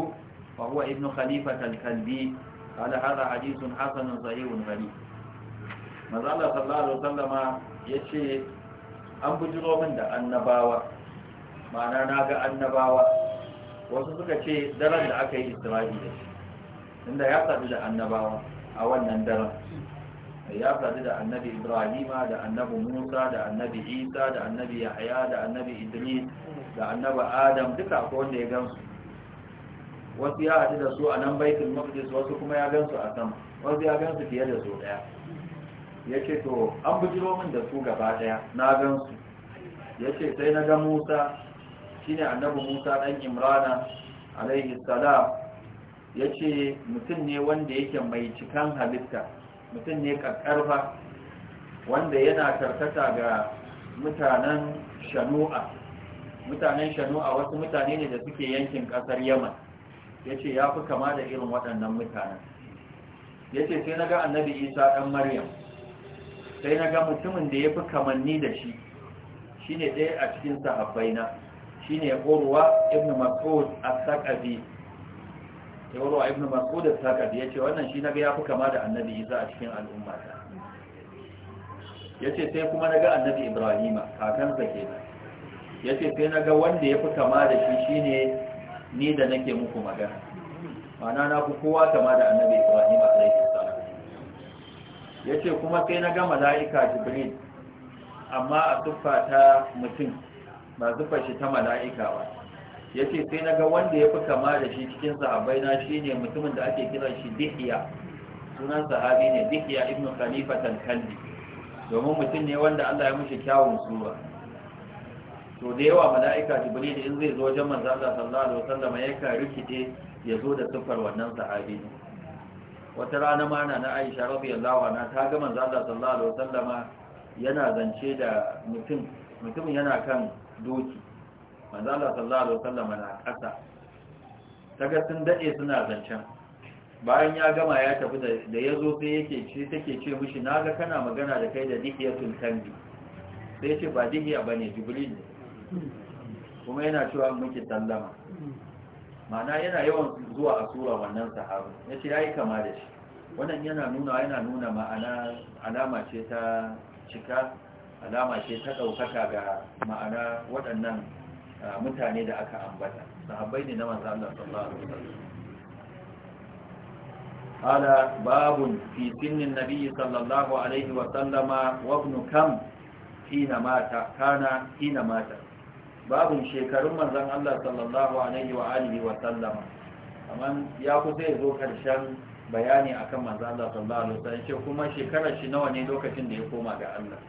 فهو ابن خليفة الكلبي قال هذا حديث حسن صحيح غريب manzo Allah sallallahu alaihi wasallama yace an bujiro min da annabawa ma'ana na ga annabawa wasu suka ce daren da aka yi isra'i da shi inda ya sadu da annabawa a wannan daren ya sadu da annabi ibrahima da annabi musa da annabi isa da annabi yahya da annabi idris da annabi adam duka akwai wanda ya gansu wasu ya haɗu da su a nan baitul maqdis wasu kuma ya gansu a sama wasu ya gansu fiye da su ɗaya ya ce to an bujiro min da su gaba ɗaya na gansu ya ce sai na ga musa shine annabi musa ɗan imrana alaihi salam ya ce mutum ne wanda yake mai cikan halitta mutum ne ƙaƙƙarfa, wanda yana karkata ga mutanen shanu'a mutanen shanu'a wasu mutane ne da suke yankin ƙasar yaman ya ce ya fi kama da irin waɗannan mutanen ya ce sai na ga annabi isa ɗan maryam sai na ga mutumin da ya fi kamanni da shi shi ne ɗaya a cikin sahabbaina shi ne urwa ibn mas'ud as-saqafi urwa ibn mas'ud da saqafi ya ce wannan shi na ga ya fi kama da annabi isa a cikin al'ummata ya ce sai kuma na ga annabi ibrahima kakansa kenan ya ce sai na ga wanda ya fi kama da shi shine ni da nake muku magana mana na ku kowa kama da annabi ibrahim alayhi salam yace kuma sai na ga mala'ika jibril amma a tuffa ta mutum ba zufa shi ta mala'ika ba yace sai na ga wanda ya fi kama da shi cikin sahabbai na shine mutumin da ake kiran shi dihiya sunan sahabi ne dihiya ibnu khalifa al-kalbi domin mutum ne wanda Allah ya mishi kyawun suwa to da yawa mala'ika jibril in zai zo wajen manzo Allah sallallahu alaihi wasallam ka rikice ya zo da sifar wannan sahabi wata rana ma na Aisha radiyallahu anha ta ga manzo Allah sallallahu alaihi wasallam yana zance da mutum mutum yana kan doki manzo Allah sallallahu alaihi wasallam na ƙasa ta ga sun dade suna zancen bayan ya gama ya tafi da ya zo sai yake ce take ce mishi naga kana magana da kai da dikiyatul kanbi sai ce ba dikiya bane jibril ne kuma yana cewa muke sallama ma'ana yana yawan zuwa a sura wannan sahabu ya ce ya yi kama da shi wannan yana nuna yana nuna ma'ana alama ce ta cika alama ce ta ɗaukaka ga ma'ana waɗannan mutane da aka ambata sahabbai ne na manzo Allah sallallahu alaihi wasallam قال باب في سن النبي صلى الله عليه وسلم وابن كم حين مات كان حين مات babin shekarun manzan Allah sallallahu alaihi wa alihi wa sallama amma ya kusa zo karshen bayani akan manzan Allah sallallahu alaihi wa sallam ce kuma shekarar shi nawa ne lokacin da ya koma ga Allah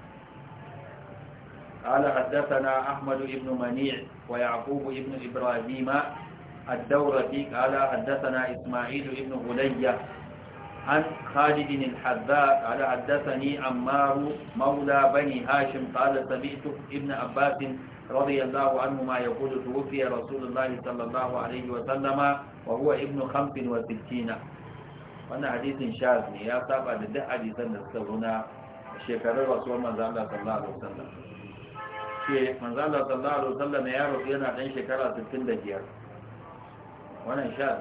قال حدثنا أحمد بن منيع ويعقوب بن إبراهيم الدورقي قال حدثنا إسماعيل بن غلية عن خالد الحذاء قال حدثني عمار مولى بني هاشم قال سمعت ابن عباس رضي الله ما يقول توفي رسول الله صلى الله عليه وسلم وهو ابن خمس وستين wannan hadisin shaz ne ya saba da duk hadisan da suka zo na shekarar rasuwar manzo Allah sallallahu alaihi wasallam ke manzo Allah sallallahu alaihi wasallam ya rasu yana dan shekara 65 wannan shaz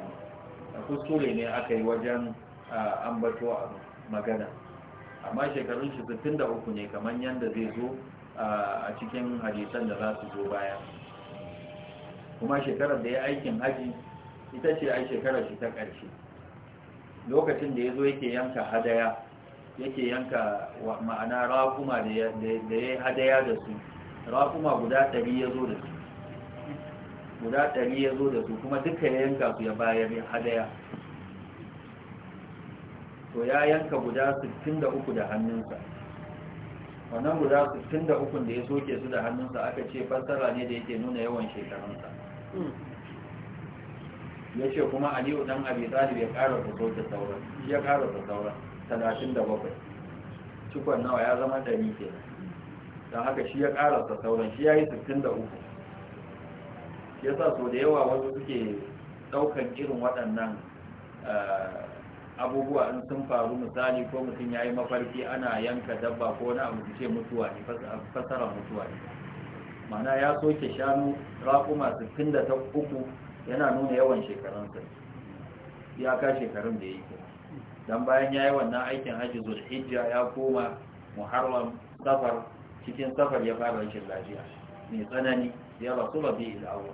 ne kuskure ne aka yi wajen ambato magana amma shekarun shi 63 ne kamar yadda zai zo a cikin hadisan da za su zo baya kuma shekarar da ya aikin haji ita ce ai shekarar shi ta ƙarshe lokacin da ya zo yake yanka hadaya yake yanka ma'ana rakuma da ya yi hadaya da su rakuma guda ɗari ya zo da su guda ɗari ya zo da su kuma duka ya yanka su ya bayar ya hadaya to ya yanka guda 63 da hannunsa wannan guda 63 da ya soke su da hannunsa aka ce fassara ne da yake nuna yawan shekarunsa ya ce kuma aliyu dan abi talib ya kara ta soke sauran ya kara ta sauran 37 cikon nawa ya zama 100 ke don haka shi ya kara ta sauran shi ya yi 63 ya sa so da yawa wasu suke daukan irin waɗannan eh, abubuwa in sun faru misali ko mutum ya yi mafarki ana yanka dabba ko wani abu ce mutuwa ne fasara mutuwa ne mana ya soke shanu raƙuma uku, yana nuna yawan shekarun Ya ka shekarun da ya yi don bayan ya yi wannan aikin hajji Hijja ya koma muharram safar cikin safar ya fara rashin lafiya mai tsanani ya rasu bi ila'uwa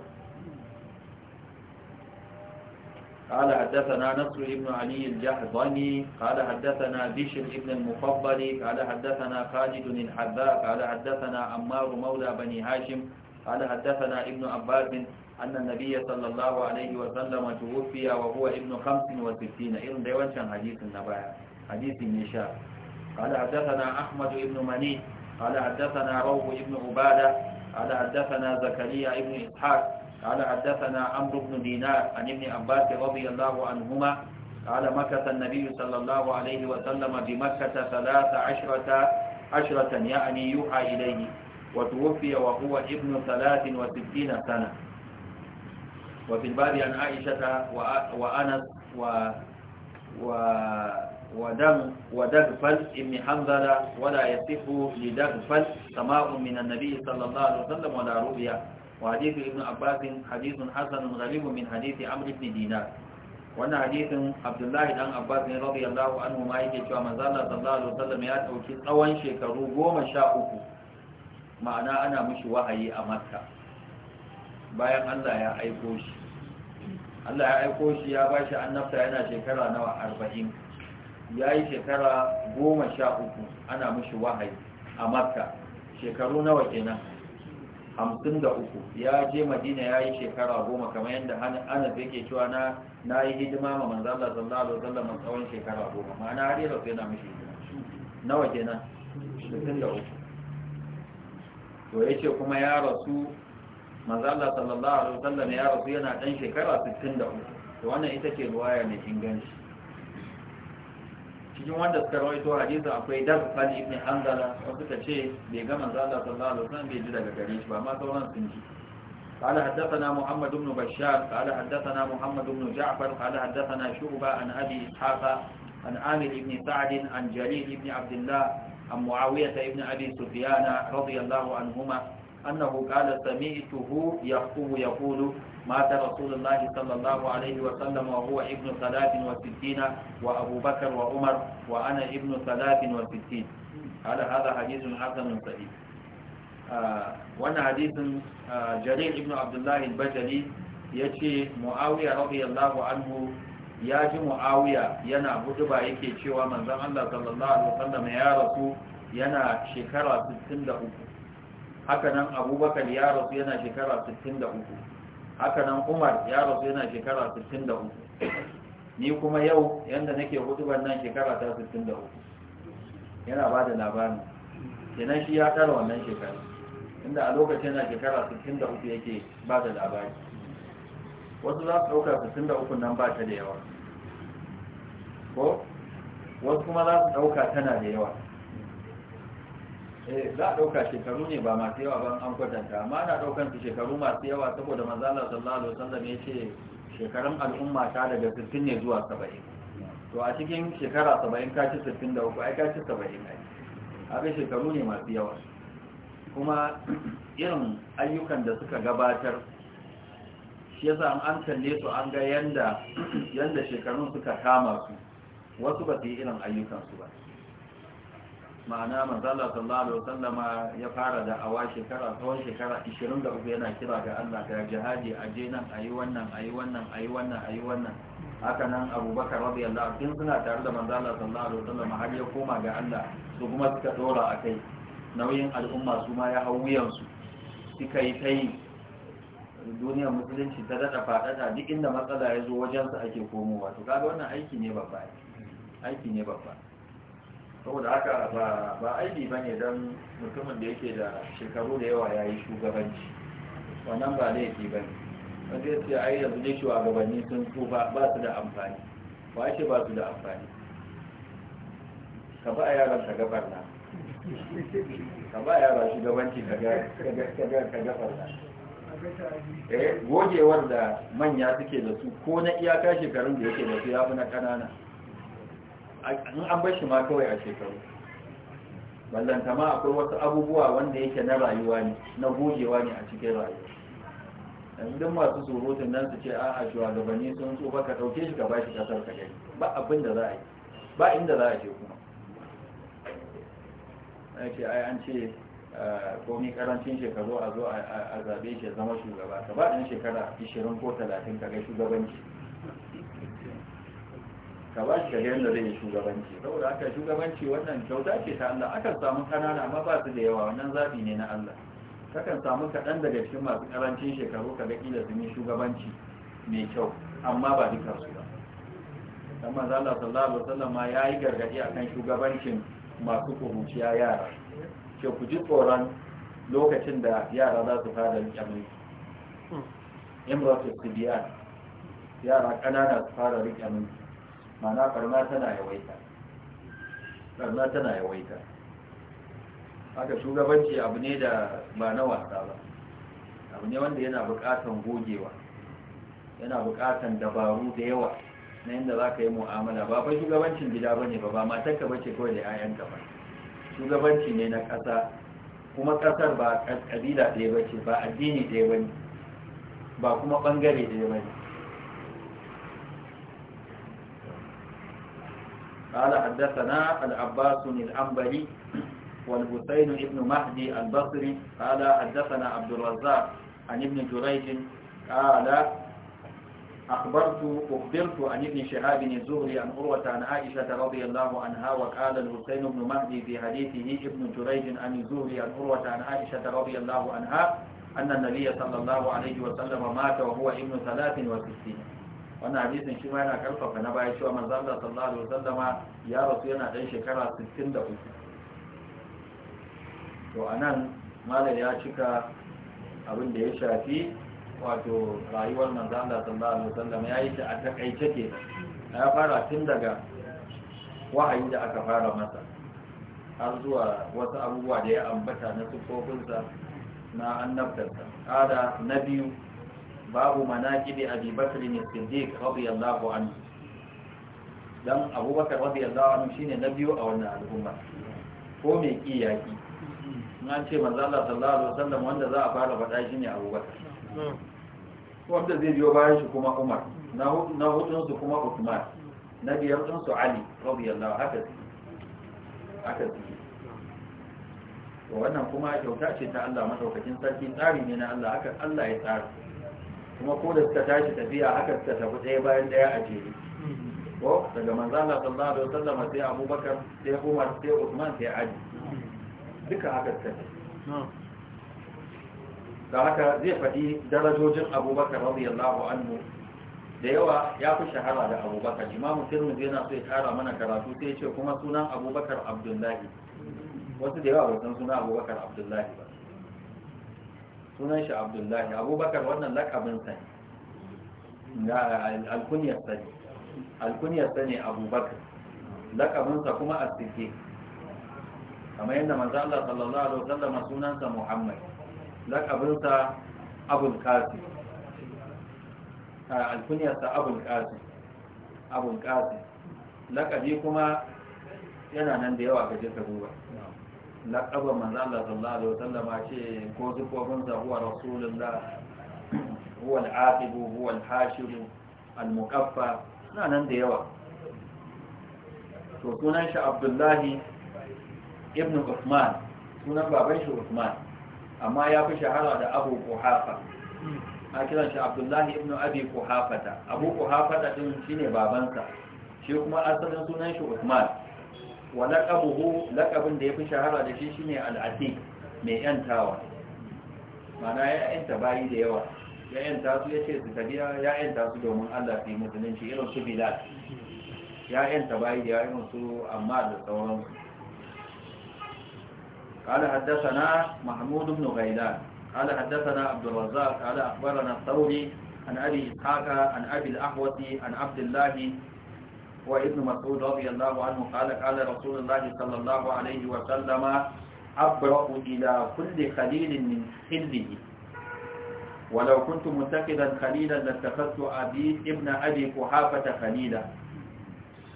قال حدثنا نصر بن علي الجحضاني قال حدثنا بشر بن المفضل قال حدثنا خالد الحذاء قال حدثنا عمار مولى بني هاشم قال حدثنا ابن عباس أن النبي صلى الله عليه وسلم توفي وهو ابن 65 إذن ديوانشان حديث النبايا حديث النشاء قال حدثنا أحمد بن مني قال حدثنا روح بن عبادة قال حدثنا زكريا بن إسحاق قال حدثنا عمرو بن دينار عن ابن عباس رضي الله عنهما قال مكث النبي صلى الله عليه وسلم بمكة ثلاث عشرة عشرة يعني يوحى إليه وتوفي وهو ابن ثلاث وستين سنة وفي الباب عن عائشة وأنس و... و... ودم ودغفل ابن حنظلة ولا يصح لدغفل سماء من النبي صلى الله عليه وسلم ولا رؤيا وحديث ابن عباس حديث حسن غريب من حديث عمرو بن دينار وانا حديث عبد الله بن عباس رضي الله عنه yake cewa manzo Allah sallallahu alaihi wasallam ya dauki tsawon shekaru 13 ma'ana ana mishi wahayi a Makka bayan Allah ya aiko shi Allah ya aiko shi ya bashi annabta yana shekara nawa 40 yayi shekara 13 ana mishi wahayi a Makka shekaru nawa kenan hamsin da uku ya je madina ya yi shekara goma kamar yadda anas yake cewa na na yi hidima ma manzo Allah sallallahu alaihi tsawon shekara goma ma na yau sai na mishi nawa kenan 63 to ce kuma ya rasu manzo Allah sallallahu alaihi wasallam ya rasu yana dan shekara 63 to wannan ita ke ruwaya mai inganci cikin wanda suka rawaito hadisin akwai dar fali ibn hanzala wasu suka ce bai ga manzo Allah sallallahu alaihi wasallam bai ji daga gare shi ba amma sauran sun ji قال حدثنا محمد بن بشار قال حدثنا محمد بن جعفر قال حدثنا شعبة عن أبي إسحاق عن عامر بن سعد عن جليل بن عبد الله عن معاوية بن أبي سفيان رضي الله عنهما أنه قال سمعته يخطب يقول مات رسول الله صلى الله عليه وسلم وهو ابن ثلاث وستين وأبو بكر وعمر وأنا ابن ثلاث وستين قال هذا حديث حسن صحيح آه وأنا حديث آه جرير ابن عبد الله البجلي يتي معاوية رضي الله عنه ya ji mu'awiya yana hudu ba yake cewa manzon Allah sallallahu alaihi wasallam ya rasu yana shekara 63 hakanan abubakar ya rasu yana shekara 63 hakanan umar ya rasu yana shekara 63 ni kuma yau yadda nake hutuban nan shekara ta 63 yana ba da labarin kenan shi ya tsara wannan shekara inda a lokacin yana shekara 63 yake ba da labari wasu za su ɗauka 63 nan ba ta da yawa ko wasu kuma za su ɗauka tana da yawa Eh, za a ɗauka shekaru ne ba masu yawa ban an kwatanta amma ana ɗaukan su shekaru masu yawa saboda Manzana sallallahu alaihi wasallam ya ce shekarun al'umma ta daga 60 ne zuwa 70 to a cikin shekara 70 ka ci 63 ai ka ci 70 ai abin shekaru ne masu yawa kuma irin ayyukan da suka gabatar shi yasa an kalle su an ga yanda yanda shekarun suka kama su wasu ba su yi irin ayyukan su ba ma'ana manzala sallallahu alaihi wasallam ya fara da awa shekara tsawon shekara 23 yana kira ga Allah ga jihadi a je nan ayi wannan ayi wannan ayi wannan ayi wannan haka nan abubakar radiyallahu anhu suna tare da manzala sallallahu alaihi wasallam har ya koma ga Allah su kuma suka dora akai nauyin al'umma su ma ya hau wuyansu suka yi kai duniyar musulunci ta dada fadada duk inda matsala ya zo wajensu ake komowa to kaga wannan aiki ne babba aiki ne babba saboda haka ba aiki ba ne don mutumin da yake da shekaru da yawa ya yi shugabanci wannan ba laifi ba ne wanda ya ce ai yanzu dai shugabanni sun tsufa ba su da amfani ba shi ba su da amfani ka ba a yaran ka gabar na ka ba a yaran shugabanci ka gabar na eh gogewar da manya suke da su ko na iyaka shekarun da yake da su ya fi na ƙanana in an bar shi ma kawai a shekaru ballanta ma akwai wasu abubuwa wanda yake na rayuwa ne na gogewa ne a cikin rayuwa yanzu duk masu surutun nan su ce a'a shugabanni sun tsufa ka ɗauke shi ka ba shi ƙasar ka gani ba abin da za a yi ba inda za a ce kuma na ce ai an ce eh, komi karancin shekaru a zo a zabe shi zama shugaba ka ba ɗan shekara 20 ko 30 ka ga shugabanci ka ba shi ga yadda zai yi shugabanci saboda haka shugabanci wannan kyauta ce ta Allah akan samu kanana amma ba su da yawa wannan zaɓi ne na Allah kakan samu kaɗan daga cikin masu ƙarancin shekaru ka ga ƙila su yi shugabanci mai kyau amma ba duka su ba dan manzo Allah sallallahu alaihi wasallam ya yi gargadi akan shugabancin masu kuruciya yara ke ku ji tsoron lokacin da yara za su fara riƙe mulki imratu sibiyan yara ƙanana su fara riƙe mulki mana barna tana yawaita barna tana yawaita haka shugabanci abu ne da ba na wasa ba abu ne wanda yana bukatan gogewa yana bukatan dabaru da yawa na yadda za ka yi mu'amala ba fa shugabancin gida ba ne ba ba matanka ba ce kawai da ba shugabanci ne na ƙasa kuma ƙasar ba ƙabila ɗaya ba ce ba addini ɗaya ba ne ba kuma ɓangare ɗaya ba ne قال حدثنا العباس العنبري والحسين بن مهدي البصري قال حدثنا عبد الرزاق عن ابن جريج قال أخبرت أخبرت عن ابن شهاب الزهري عن عروة عن عائشة رضي الله عنها وقال الحسين بن مهدي في حديثه ابن جريج عن الزهري عن عروة عن عائشة رضي الله عنها أن النبي صلى الله عليه وسلم مات وهو ابن ثلاث وستين wannan hadisin shi ma yana karfafa na baya cewa manzo Allah sallallahu alaihi wasallam ya rasu yana dan shekara 63 to anan malam ya cika abin da ya shafi wato rayuwar manzo Allah sallallahu alaihi wasallam ya yi ta a takaice ke ya fara tun daga wahayi da aka fara masa har zuwa wasu abubuwa da ya ambata na sufofinsa na annabtarsa ƙada na biyu babu manaqibi abi bakr ne siddiq radiyallahu anhu dan abubakar radiyallahu anhu shine na biyu a wannan al'umma ko mai kiyaki na ce manzo Allah sallallahu alaihi wasallam wanda za a fara faɗa shine abubakar wanda zai biyo bayan shi kuma Umar na na hudu su kuma Uthman na biyar din su Ali radiyallahu haka haka wannan kuma kyauta ce ta Allah madaukakin sarki tsari ne na Allah haka Allah ya tsara kuma ko da suka tashi tafiya haka suka tafi ɗaya bayan ɗaya a jere ko daga manzala sallallahu alaihi wasallam sai abubakar sai umar sai usman sai aji, duka haka suka tafi da haka zai faɗi darajojin abubakar radiyallahu annu. da yawa ya fi shahara da abubakar imamu tirmidhi yana so ya kara mana karatu sai ce kuma sunan abubakar abdullahi wasu da yawa ba san sunan abubakar abdullahi ba sunan shi abdullahi abubakar wannan lakabin sa ne ga alkunyar sa ne alkunyar ne abubakar lakabin sa kuma as-siddiq kamar yadda manzo Allah sallallahu alaihi wasallam sunan sa Muhammad lakabin sa Abul Qasim alkunyar sa Abul Qasim Abul Qasim lakabi kuma yana nan da yawa ga ka duba laƙaba manzan Allah sallallahu alaihi wasallam ce ko zufofin sa huwa rasulullah za, al-aqibu huwa hashiru al-muqaffa na nan da yawa to sunan shi Abdullahi ibn Uthman sunan baban shi Uthman amma ya fi shahara da Abu kuhafa a kiran shi Abdullahi ibn Abi kuhafata Abu Quhafata din shine babansa shi kuma asalin sunan shi Uthman wa laqabuhu laqabin da yafi shahara da shi shine al-atiq mai yantawa mana ya yanta bayi da yawa ya yanta su yace su tabiya ya yanta su domin Allah fi mutunci irin su bilal ya yanta bayi da yawa irin su amma da sauran قال حدثنا محمود بن غيلان قال حدثنا عبد الرزاق قال أخبرنا الثوري عن أبي إسحاق عن أبي الأحوث عن عبد الله وابن مسعود رضي الله عنه قال قال رسول الله صلى الله عليه وسلم أبرأ إلى كل خليل من خله ولو كنت متخذا خليلا لاتخذت أبي ابن أبي قحافة خليلا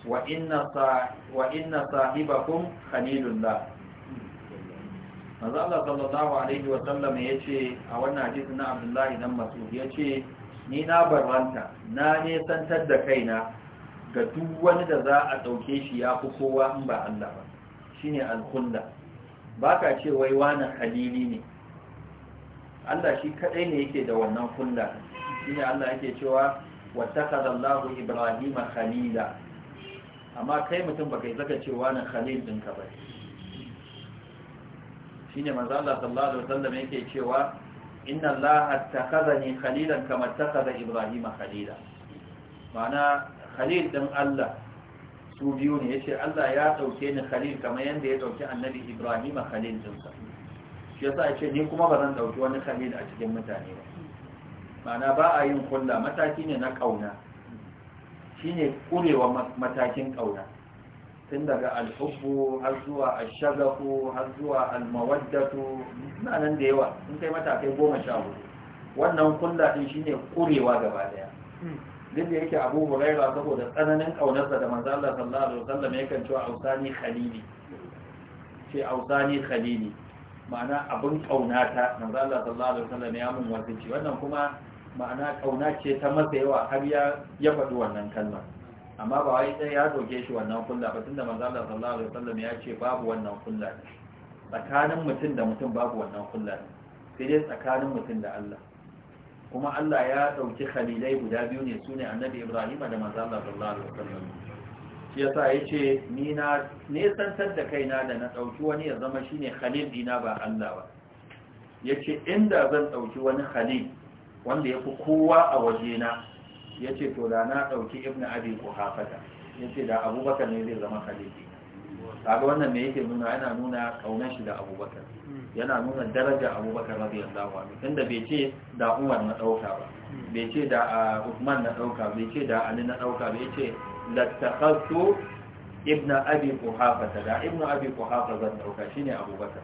وإن, صاح وإن صاحبكم خليل الله manzo Allah sallallahu alaihi wa sallam yace a wannan hadisi na Abdullahi dan Mas'ud yace ni na barranta na ne santar da kaina ga duk wani da za a ɗauke shi ya fi kowa in ba Allah ba shi ne alkunda ba ka ce wai wani halili ne Allah shi kaɗai ne yake da wannan kunda. shi ne Allah yake cewa wattakar Allah Ibrahim khalila amma kai mutum ba kai zaka ce wani khalil ɗinka ba shi ne maza Allah sallallahu Alaihi wasallam yake cewa inna Allah attakhadhani kamar ta kaza Ibrahim khalila ma'ana khalil din Allah su biyu ne yace Allah ya ɗauke ni khalil kamar yadda ya dauki annabi Ibrahim khalil din sa shi yasa yace ni kuma bazan ɗauki wani khalil a cikin mutane ba ma'ana ba a yin kulla mataki ne na kauna shine kurewa matakin kauna tun daga alhubbu har zuwa ashagafu har zuwa almawaddatu na nan da yawa sun kai matakai goma sha hudu wannan kulla din shine kurewa gaba ɗaya. duk da yake abu huraira saboda tsananin ƙaunarsa da manzo Allah sallallahu alaihi wasallam yakan cewa ausani khalili ce ausani khalili ma'ana abin kaunata manzo Allah sallallahu alaihi wasallam ya mun wasici wannan kuma ma'ana kauna ce ta masa yawa har ya ya faɗi wannan kalma amma ba wai sai ya doke shi wannan kulla ba tunda manzo Allah sallallahu alaihi wasallam ya ce babu wannan kulla tsakanin mutum da mutum babu wannan kulla sai dai tsakanin mutum da Allah kuma Allah ya ɗauki khalilai guda biyu ne sune annabi Ibrahim da manzo Allah sallallahu alaihi wasallam shi yasa yace ni na ne santar da kaina da na ɗauki wani ya zama shine khalil dina ba Allah ba yace inda zan ɗauki wani khalil wanda yafi kowa a wajena yace to da na dauki ibnu abi kuhafata yace da abubakar ne zai zama khalil dina kaga wannan me yake nuna yana nuna kaunar shi da abubakar yana nuna daraja abubakar radiyallahu anhu tunda bai ce da umar na dauka ba bai ce da ah, usman na dauka bai ce da ali na dauka bai ce lattakhadtu ibn abi quhafa da ibn abi quhafa zan dauka shine abubakar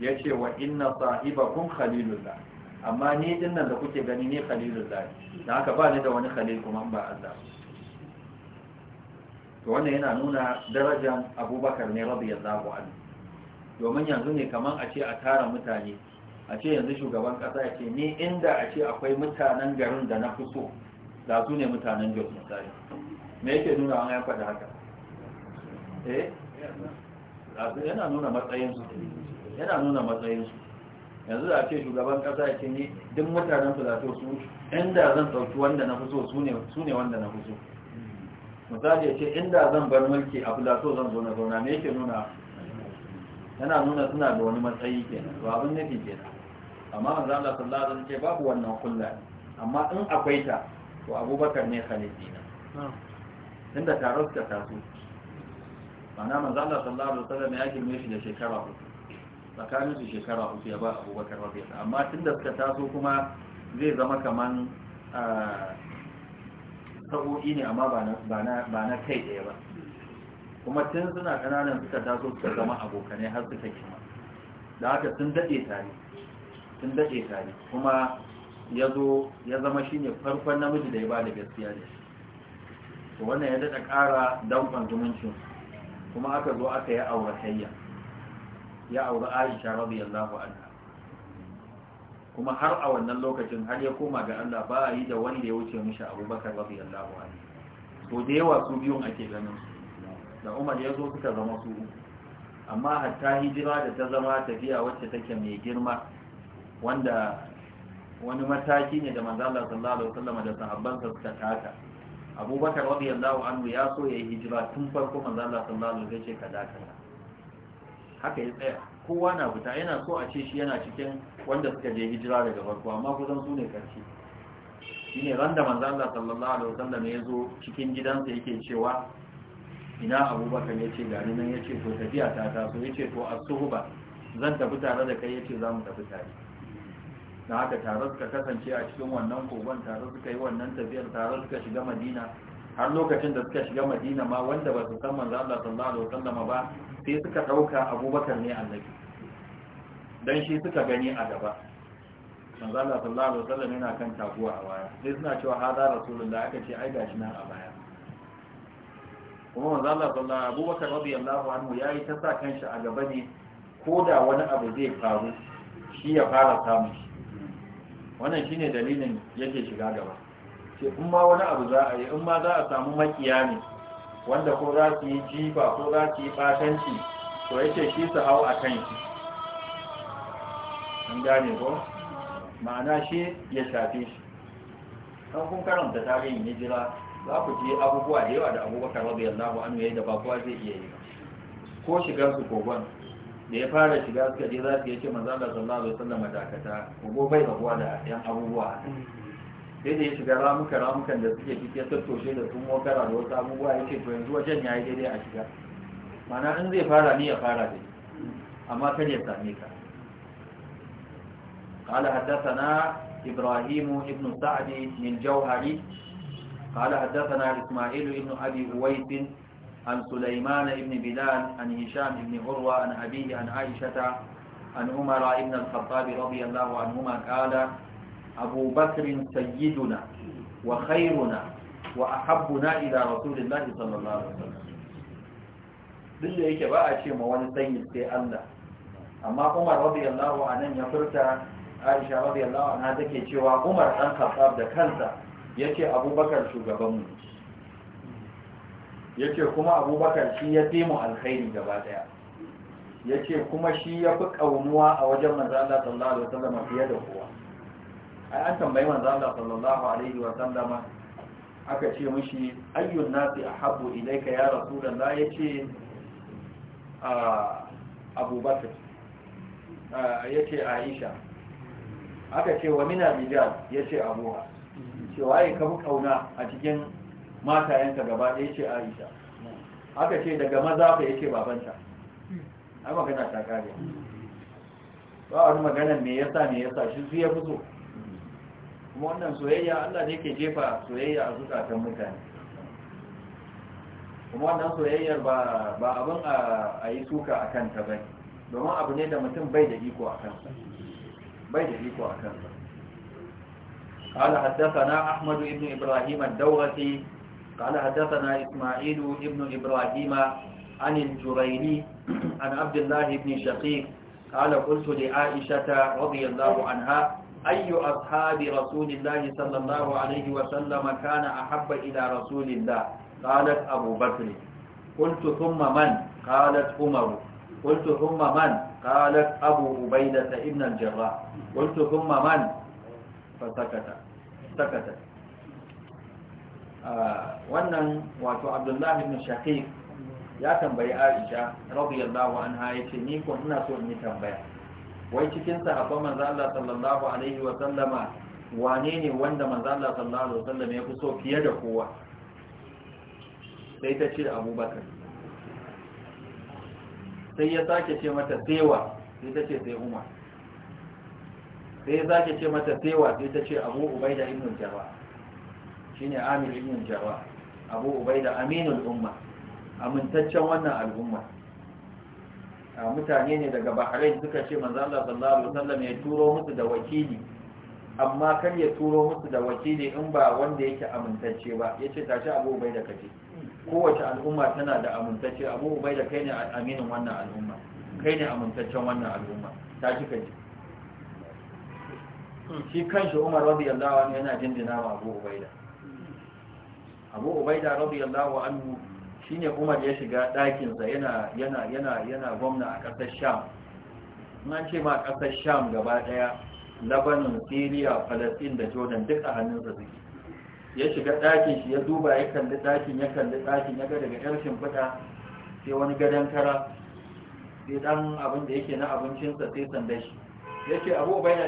yace wa inna sahibakum khalilullah amma ni dinnan da kuke gani ne khalilullah dan haka ba ni da wani khalil kuma ba Allah to wannan yana nuna darajar abubakar ne radiyallahu an domin yanzu ne kaman a ce a tara mutane a ce yanzu shugaban kasa ya ce ni inda a ce akwai mutanen garin da na fi so da su ne mutanen jos misali me yake nuna an ya faɗi haka eh yana nuna matsayinsu yana nuna yanzu da a ce shugaban kasa ya ce ni duk mutanen za su inda zan ɗauki wanda na fi so su ne wanda na fi so misali ya ce inda zan bar mulki a plateau zan zauna zauna me yake nuna yana nuna suna da wani matsayi kenan ba abin nufi ke amma manzo zama sun alaihi ce babu wannan kulla amma in akwai ta to Abubakar ne khalifi na tunda taron suka taso mana manzo Allah sallallahu alaihi wasallam ya girme shi da shekara uku tsakanin su shekara uku ya ba Abubakar radiyallahu amma tun da suka taso kuma zai zama kamar ah, sabo'i ne amma ba na kai ɗaya ba kuma tun suna ƙananan suka taso suka zama abokanai har suka kima da haka sun daɗe tare sun daɗe tare kuma ya zo ya zama shi ne farkon namiji da ya ba da gaskiya da shi to wannan ya daɗa ƙara damfan zumuncin kuma aka zo aka yi auratayya ya auri aisha radiyallahu anha kuma har a wannan lokacin har ya koma ga Allah ba yi da wanda ya wuce mishi abubakar radiyallahu anhu to da yawa su biyun ake ganin su da umar ya zo suka zama su amma hatta hijira da ta zama tafiya wacce take mai girma wanda wani mataki ne da manzala sallallahu alaihi wasallam da sahabbansa suka taka abubakar radiyallahu anhu ya so ya yi hijira tun farko manzala sallallahu alaihi wasallam ya ce ka dakata haka ya tsaya kowa na fita yana so a ce shi yana cikin wanda suka je hijira daga farko amma kusan su ne karshe ne randa manzo Allah sallallahu alaihi wasallam ya zo cikin gidansa yake cewa ina abubakar ya ce gani nan ya ce to tafiya ta taso ya ce to a asuhuba zan tafi tare da kai ya ce za mu tafi tare na haka tare suka kasance a cikin wannan kogon tare suka yi wannan tafiyar tare suka shiga madina har lokacin da suka shiga madina ma wanda ba su san manzo Allah sallallahu alaihi wasallam ba sai suka ɗauka abubakar ne annabi don shi suka gani a gaba manzala sallallahu alaihi wasallam yana kan taguwa a baya sai suna cewa hada rasulullahi aka ce ai gashi nan a baya kuma manzala sallallahu abubakar radiyallahu anhu yayi ta sa kanshi a gaba ne ko da wani abu zai faru shi ya fara samu wannan shine dalilin yake shiga gaba sai in ma wani abu za a yi in ma za a samu makiya ne wanda ko za su yi jifa ko za su yi fatanci to yake shi su hau a kan shi an gane ko ma'ana shi ya shafe shi kan kun karanta tarihin hijira za ku ji abubuwa da yawa da abubakar rabu yallahu anu yayi da ba kowa zai iya yi ko shigar su kogon da ya fara shiga suka je za su yace manzo Allah sallallahu alaihi wasallam dakata ko bai rabuwa da yan abubuwa sai da ya shiga ramuka ramukan da suke ciki ya tattoshe da sun wakara da wasu abubuwa ya ce to yanzu wajen ya yi daidai a shiga mana in zai fara ni ya fara dai amma kan ya same ka قال حدثنا إبراهيم ابن سعد من جوهري قال حدثنا إسماعيل ابن أبي هويت عن سليمان ابن بلال عن هشام ابن عروة عن أبيه عن عائشة عن عمر ابن الخطاب رضي الله عنهما قال أبو بكر سيدنا وخيرنا وأحبنا إلى رسول الله صلى الله عليه وسلم duk da yake ba a ce ma wani sayyid sai Allah amma Umar radiyallahu anhu ya furta Aisha radiyallahu anha take cewa Umar dan Khattab da kansa yace Abubakar shugaban mu yace kuma Abubakar shi ya fi mu alkhairi gaba daya yace kuma shi ya fi kaunuwa a wajen manzo Allah sallallahu alaihi wasallam fiye da kowa ai an tambayi manzo Allah sallallahu alaihi wa sallama aka ce mishi ayyun nasi ahabbu ilayka ya rasulullah yace a abubakar yace aisha aka ce wa mina bijal yace abuha cewa ya kabu kauna a cikin matayenka gaba da ce aisha aka ce daga maza ka yace babanta ai magana ta kare ba wani magana me yasa me yasa shi su ya fi so kuma wannan soyayya Allah ne ke jefa soyayya a zukatan mutane kuma wannan soyayyar ba abin a yi suka a kanta bai domin abu ne da mutum bai da iko a kansa bai da iko a kansa قال حدثنا أحمد بن إبراهيم الدوغتي قال حدثنا إسماعيل بن إبراهيم عن الجريري عن عبد الله بن شقيق قال قلت لعائشة رضي الله عنها أي أصحاب رسول الله صلى الله عليه وسلم كان أحب إلى رسول الله قالت أبو بكر قلت ثم من قالت عمر قلت ثم من قالت أبو عبيدة ابن الجراح قلت ثم من فسكت سكتت wannan wato abdullahi ibn shaqiq ya tambayi aisha radiyallahu anha yace ni ko ina so in yi tambaya wai cikin sahabban manzo Allah sallallahu alaihi wa sallama wane ne wanda manzo Allah sallallahu alaihi wa sallama ya fi so fiye da kowa sai ta ce Abu Bakar. sai ya sake ce mata sewa sai ta ce sai Umar sai ya sake ce mata sewa sai ta ce Abu Ubaida ibn Jarrah shine Amir ibn Jarrah Abu Ubaida aminul umma amintaccen wannan al'umma mutane ne daga bahrain suka ce manzo Allah sallallahu alaihi wasallam ya turo musu da wakili amma kan ya turo musu da wakili in ba wanda yake amintacce ba yace tashi Abu Ubaida kace kowace al'umma tana da amintacce Abu Ubaida kai ne aminin wannan al'umma kai ne amintaccen wannan al'umma tashi kace shi kanshi Umar radiyallahu anhu yana jinjina wa Abu Ubaida Abu Ubaida radiyallahu anhu shine umar ya shiga ɗakinsa yana yana yana yana gwamna a ƙasar sham an ce ma ƙasar sham gaba ɗaya labanin syria palestine da jordan duk a hannunsa suke ya shiga ɗakin shi ya duba ya kalli ɗakin ya kalli ɗakin ya ga daga ƴar shimfiɗa sai wani gadon kara sai dan abin da yake na abincinsa sai sanda shi ya ce abu baina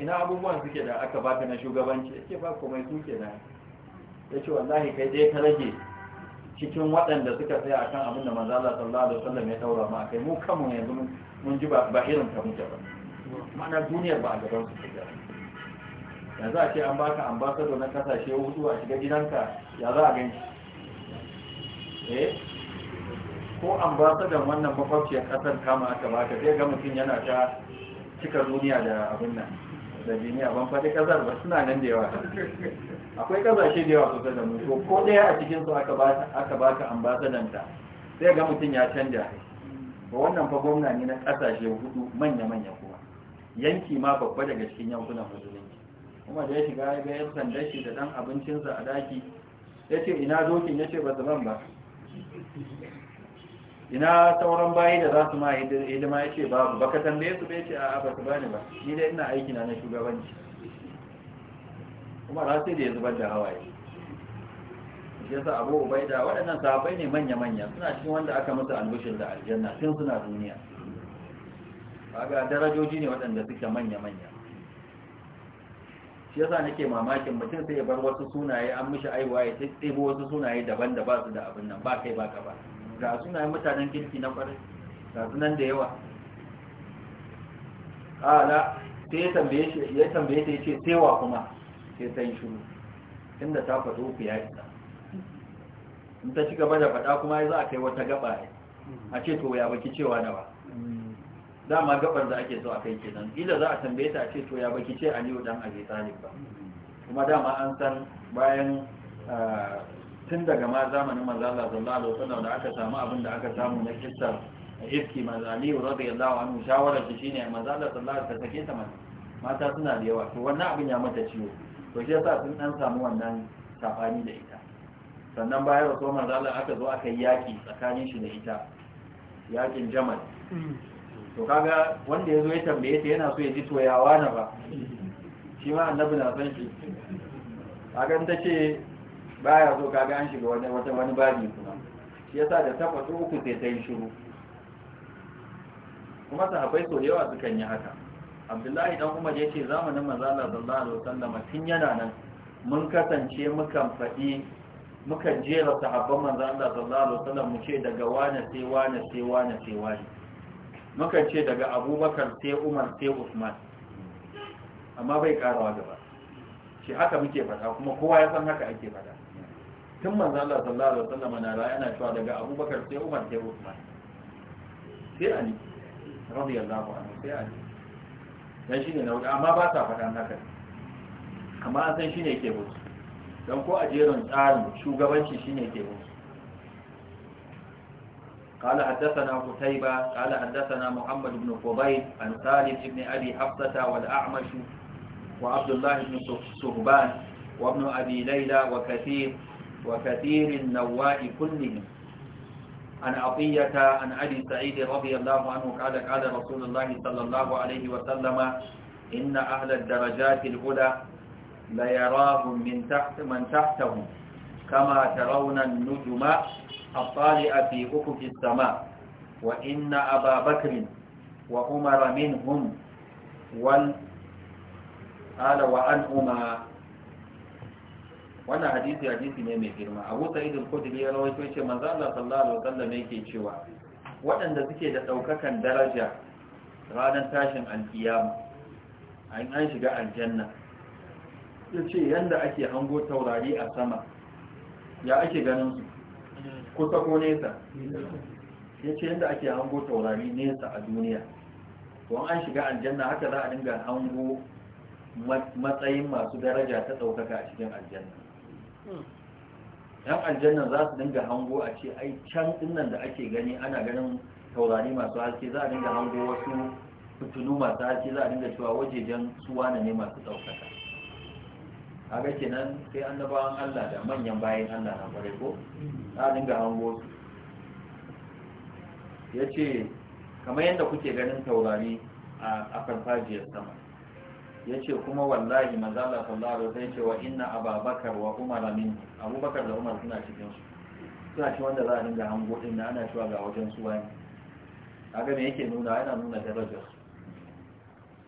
ina abubuwan suke da aka baka na shugabanci ya ce ba komai suke na ya ce wallahi kai dai ka rage cikin waɗanda suka a kan abin da manzo sallallahu alaihi wasallam ya taura mu akai mu kanmu yanzu mun ji ba irin ka muke ba ma'ana duniyar ba a gaban su take yanzu a ce an baka ambassador na kasashe hudu a shiga gidanka ya za a gan shi eh ko ambassador wannan makwabciyar kasar kama aka baka sai ga mutum yana ta cika duniya da abin nan da duniya ban faɗi ƙasar ba suna nan da yawa akwai ƙasashe da yawa kusa da mutu. ko ɗaya a cikin su aka baka ambasadanta sai ga mutum ya canja ba wannan fa gwamna ne na ƙasashe hudu manya-manya kuma yanki ma babba daga cikin yankunan musulunci kuma da ya shiga ya ga yan sandan shi da ɗan abincinsa a daki ya ce ina dokin ya ce ba zaman ba ina sauran bayi da za su ma hidima ya ce babu baka tambaye su bai ce a ba su bani ba ni dai ina aiki na na shugabanci kuma rasu da ya zubar da hawaye yasa abu ubaida waɗannan sahabbai ne manya-manya suna cikin wanda aka musu albushin da aljanna tun suna duniya ga darajoji ne waɗanda suke manya-manya shi yasa nake mamakin mutum sai ya bar wasu sunaye an mishi aiwa ya tsibo wasu sunaye daban da ba su da abin nan ba kai ba ka ba ga sunayen mutanen kirki na kwarai ga sunan da yawa ƙala sai ya tambaye shi ya tambaye ta yace sai wa kuma sai ta yi shiru inda ta faɗo ku ya isa in ta ci gaba da faɗa kuma za a kai wata gaba ne a ce to ya baki cewa na ba dama gabar da ake so a kai kenan ila za a tambaye ta a ce to ya baki ce aliyu dan abi talib ba kuma dama an san bayan ah, tun daga ma zamanin manzala sallallahu alaihi wasallam da aka samu abin da aka samu na mazali wa rabbi radiyallahu anhu shawarar shi shine manzala sallallahu alaihi wasallam ta mata mata suna da yawa to wannan abin ya mata ciwo to shi yasa sun dan samu wannan safani da ita sannan bayan rasuwar manzala aka zo aka yi yaki tsakanin shi da ita yakin jamal to kaga wanda ya zo ya tambaye ta yana so ya ji toyawa na ba shi ma annabi na san shi hakan ta ce baya so kaga an shiga wani wata wani babi kuma shi yasa da takwas uku sai ta yi shiru kuma sahabbai so yawa sukan yi haka abdullahi dan umar ya ce zamanin manzala sallallahu alaihi wasallam tun yana nan mun kasance mukan faɗi muka jera sahabban manzala sallallahu alaihi wasallam mu ce daga wane sai wane sai wane sai wane muka ce daga abubakar sai umar sai usman amma bai karawa gaba shi haka muke faɗa kuma kowa ya san haka ake faɗa tun manzo Allah sallallahu alaihi wasallam na raya yana cewa daga Abubakar sai Umar sai Uthman sai Ali radiyallahu anhu sai Ali dan shine na amma ba ta faɗan haka amma an san shine yake musu dan ko a jerin tsarin shugabanci shine yake musu قال حدثنا قتيبة قال حدثنا محمد بن فضيل عن سالم بن أبي حفصة والأعمش وعبد الله بن صهبان وابن أبي ليلى وكثير وكثير النواء كلهم عن عطية عن أبي سعيد رضي الله عنه قال قال رسول الله صلى الله عليه وسلم إن أهل الدرجات العلى ليراهم من تحت من تحتهم كما ترون النجم الطالئ في أفق السماء وإن أبا بكر وعمر منهم وال قال وأن أمر wannan hadisi hadisi ne mai girma abu sa'id al-khudri ya rawaito ce manzo Allah sallallahu alaihi wasallam yake cewa waɗanda suke da daukakan daraja ranar tashin alkiyama an an shiga aljanna yace yanda ake hango taurari a sama ya ake ganin su kusa ko nesa yace yanda ake hango taurari nesa a duniya to an shiga aljanna haka za a dinga hango matsayin masu daraja ta ɗaukaka a cikin aljanna yan aljanna za su dinga hango a ce ai can dinnan da ake gani ana ganin taurari masu haske za a dinga hango wasu fitilu masu haske za a dinga cewa wajejen suwa ne masu ɗaukaka haka kenan sai annabawan Allah da manyan bayan Allah na kwarai ko za a dinga hango su ya ce kamar yadda kuke ganin taurari a farfajiyar sama Ya ce, kuma wallahi maza Allah sallallahu alaihi wasallam yace wa inna abubakar wa umar min abubakar da umar suna cikin su suna cikin wanda za a dinga hango din da ana cewa ga wajen su wani kaga me yake nuna yana nuna darajar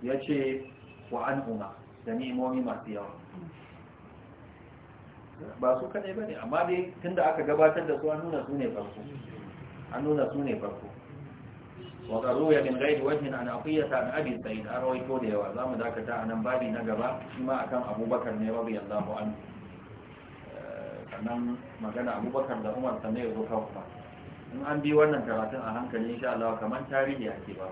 su ce wa an umar da ni'imomi masu yawa ba su kadai bane amma dai tunda aka gabatar da su an nuna su ne farko an nuna su ne farko Abin وقد روي من غير وجه عن عطية عن أبي سعيد أروي تولي na gaba shi ma نقبا فيما أكان أبو بكر رضي الله عنه sannan magana abubakar da umar sannan ya zo kawfa in an bi wannan karatun a hankali insha Allah kamar tarihi a ke ba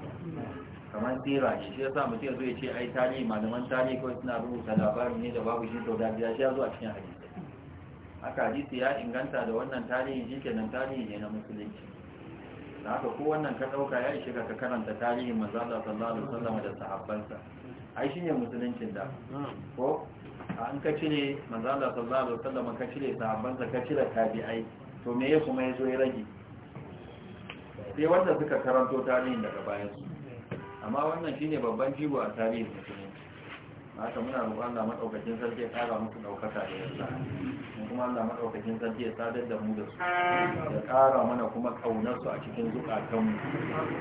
kamar tsira ne shi sa mutum zo ya ce ai tarihi malaman tarihi kawai suna rubuta labarin ne da babu shi to da biya shi ya zo a cikin hadisi haka hadisi ya inganta da wannan tarihin shi kenan tarihi ne na musulunci da haka ko wannan ka ɗauka ya ishe ka karanta tarihin manzala sallallahu alaihi wasallam da sahabbansa ai shine musuluncin da ko an ka cire manzala sallallahu alaihi wasallam ka cire sahabbansa ka cire tabi'ai to me ya kuma yazo ya rage sai wanda suka karanto tarihin daga bayan su amma wannan shine babban jigo a tarihin musulunci haka muna roƙon Allah madaukakin sarki ya ƙara muku ɗaukaka da yasa kuma Allah madaukakin sarki ya sadar da mu da su ya ƙara mana kuma ƙaunar su a cikin zukatanmu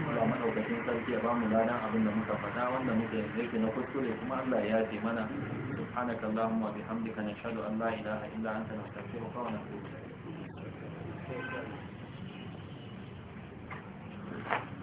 Allah madaukakin sarki ya ba mu ladan abin da muka faɗa wanda muke yake na kuskure kuma Allah ya yafe mana سبحانك اللهم وبحمدك نشهد أن لا إله إلا أنت نستغفرك ونتوب إليك